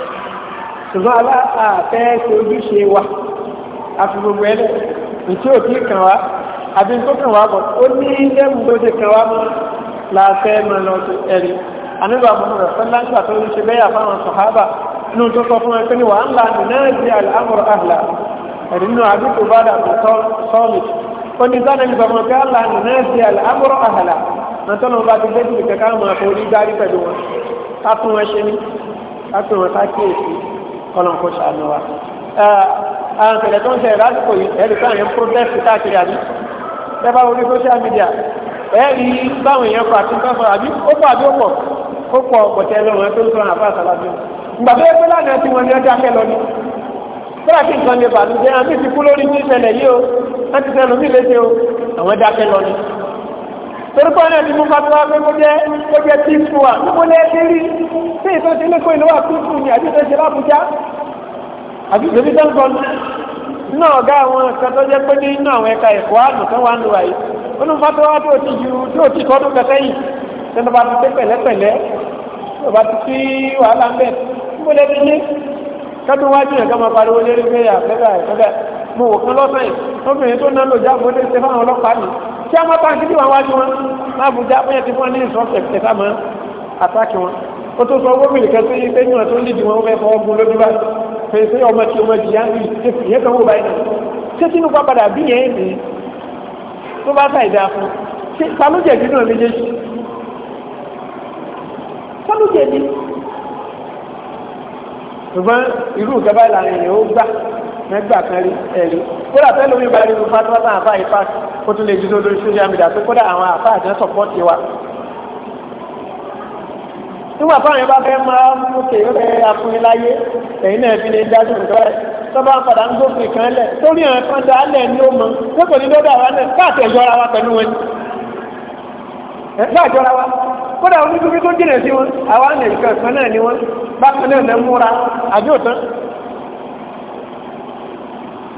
ṣùgbọ́n aláàfẹ́ ṣe ojúṣe wa àfi gbogbo ẹlẹ́ ìtí òkè kàn wá àbí tó kàn wá bọ̀ ó ní lẹ́mù tó ṣe kàn wá mọ́ láàfẹ́ mọ́ lọ sí ẹ̀rí àníbà mọ́ rẹ̀ fẹ́ láńgbà tó ń ṣe bẹ́yà fáwọn sàhábà inú tó sọ fún ẹgbẹ́ ni wà ń la nù náà di àmọ̀rọ̀ àhìlà ẹ̀rí nínú àbí tó bá dà tó sọ́ọ̀lì ó ní sáà nígbà mọ́ pé àlà nù náà di àmọ̀rọ̀ àhìlà àtọ́nà bá ti gbé kọ́lọ̀ kó ṣàánú wa. àwọn ìṣẹ̀lẹ̀ tó ń ṣẹlẹ̀ lásìkò yìí ẹ̀rí pé àwọn protest káàkiri àbí tẹ́bá orí social media ẹ̀rí báwọn èèyàn kọ àti nǹkan sọ àbí ó pọ̀ àbí ó pọ̀ ó pọ̀ pọ̀tẹ́ lọ́wọ́ tó ń sọ àbá àsàlábí ìgbà tó yẹ pé lánàá tí wọ́n ní ọjà kẹ́ lọ ni kódà kí nǹkan lè bàlú jẹ́ àmì ti kú lórí ní ìṣẹ̀lẹ̀ yìí o láti sẹ́nu mí léṣe torúkọ náà ti mú fatuwa pé kó jẹ́ kó jẹ́ pífù wa gbogbo lẹ́ẹ̀ ti rí sí ètò ìdílé kó ìlú wa pífù ni àti ìtọ́jú l'Àbújá àti ìtọ́jú tó ń bọ̀ nínú ọ̀gá àwọn kan tó jẹ́ pé nínú àwọn ẹ̀ka ẹ̀kọ́ àdùn tó wà ń lò àyè olú fatuwa tó ti ju tó ti kọ́ ọdún kẹsẹ́ yìí tẹnu bá ti dé pẹ̀lẹ́pẹ̀lẹ́ tó bá ti fi wàhálà ń bẹ̀ gbogbo lẹ́ẹ̀ ti ní kẹ́tù wájú yẹn kẹ́mọ pariwo lérí gbé yà fẹ́fẹ́ fẹ́fẹ́ mo wò kán lọ́sẹ̀ tí a máa bá ń kí ní wàá wájú wọn lábùjá bóyá ti fún wọn ní ìsọ́ọ̀tẹ̀ ẹ̀ka mọ́ àtàkì wọn ó tó sọ gómìnà kẹsí pé níwọ̀n tó ń dìdì wọn fẹ́ fọwọ́ gun lójú bá fèsì ọmọ tí ọmọ jìyà ń rí tẹ̀sí yẹn kan wò báyìí náà ṣé sínú pápadà bí yẹn ní tó bá sàì dáa fún ṣé sanújẹ̀bí náà méjèèjì sanújẹ̀bí ṣùgbọ́n irú ìjọba ìlànà yẹn ó gbà mẹ́gbà kan rí ẹ̀rí kódà tẹ́lẹ̀ omi balẹ̀ nínú fatiwa tán àfa yìí pàṣẹ ó tún lè dúró lórí social media pé kódà àwọn àfa àjẹ́ sọ̀pọ́ọ̀tì wa. nígbà táwọn yẹn bá fẹ́ máa mú kéwé afúniláyé ẹ̀yin náà fi lè dájú nǹkan rẹ̀ tọ́ba padà ń gbófin kan lẹ̀ torí àwọn kan dá lẹ̀ ní ó mọ pé kò ní lọ́dọ̀ àwa náà káàtẹ̀ jọra wa pẹ̀lú wọn ẹgbẹ́ àjọra wa kódà onídùúgbò tó jìnà sí wọn àwa nìkan kan náà ni wọn bákan náà lè múra àjọ tán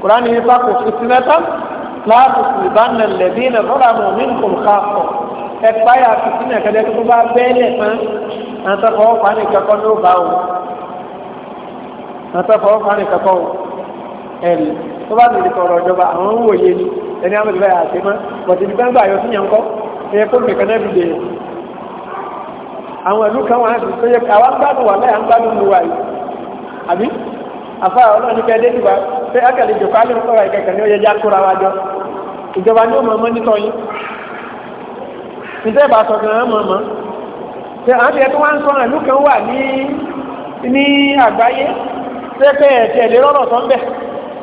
kùránì yìí bá kò fi sí mẹ́ta láàbù ìbánà lẹ̀bí ilẹ̀ lọ́la mọ̀ mí kò ká pọ̀ ẹ páyà fìtí nà kẹ́dẹ́ tó bá bẹ́ẹ̀lẹ̀ tán àtọ́fọ́ fani kẹ́kọ́ ló bá o àtọ́fọ́ fani kẹ́kọ́ o ẹ̀rì tó bá lè sọ̀rọ̀ ìjọba àwọn ń wòye ni ẹni àwọn ìbáyà àti mọ́ bọ̀dé ní gbangba àyọ̀ síyàn kọ́ ẹ̀yẹ kó nìkan náà bìbè àwọn ìlú kan wà á ti sọ yẹ àwọn gbádùn wà láyà ń gbádùn lu wa yìí àbí àfa ọlọ́run kẹ́ dé tìwá pé akẹ́lẹ́ ìjọba alẹ́ sọ̀rọ̀ ìkẹ̀kẹ́ ni ó yẹ já kóra wa jọ ìjọba ni ó mọ̀ mọ́ nítọ́ yín nítorí bá sọ gan-an mọ̀ mọ́ ṣe àwọn tiẹ̀ tó wá ń sọ̀rọ̀ ìlú kan wà ní ní àgbáyé pẹ́pẹ́ ẹ̀tẹ̀ lè rọ́rọ̀ sọ ń bẹ̀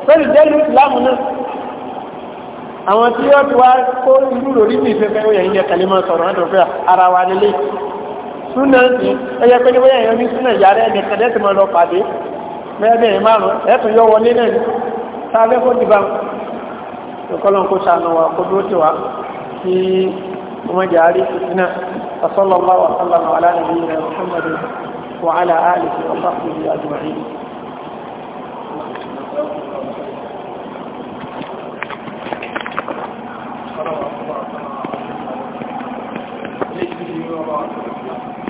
pẹ́lú jẹ́lú ìsìláàmù náà àwọn tí ó ti wá kó irú lórí ní ìfẹ́fẹ́ òyìn ilẹ̀ kalimọ̀ sọ̀rọ̀ àdọ̀fẹ́ ara wa nílé súnà sí pé níwáyà èèyàn ní súnà ìyá rẹ̀ ẹ̀dẹ̀kẹ̀dẹ̀ ti mọ̀ lọ pàdé mẹ́ẹ̀bẹ̀rẹ̀ márùn ẹ̀tùn yọ wọlé náà sáfẹ́ kó dìbà ìkọlọ́n kó sànù wa kó dúró tiwa kí ọmọdé àárí fìtínà asọ́lọ́lá wa sálàmù aláàbí rẹ̀ muhammadu wa ala alihi wa sahbihi ajma'in Thank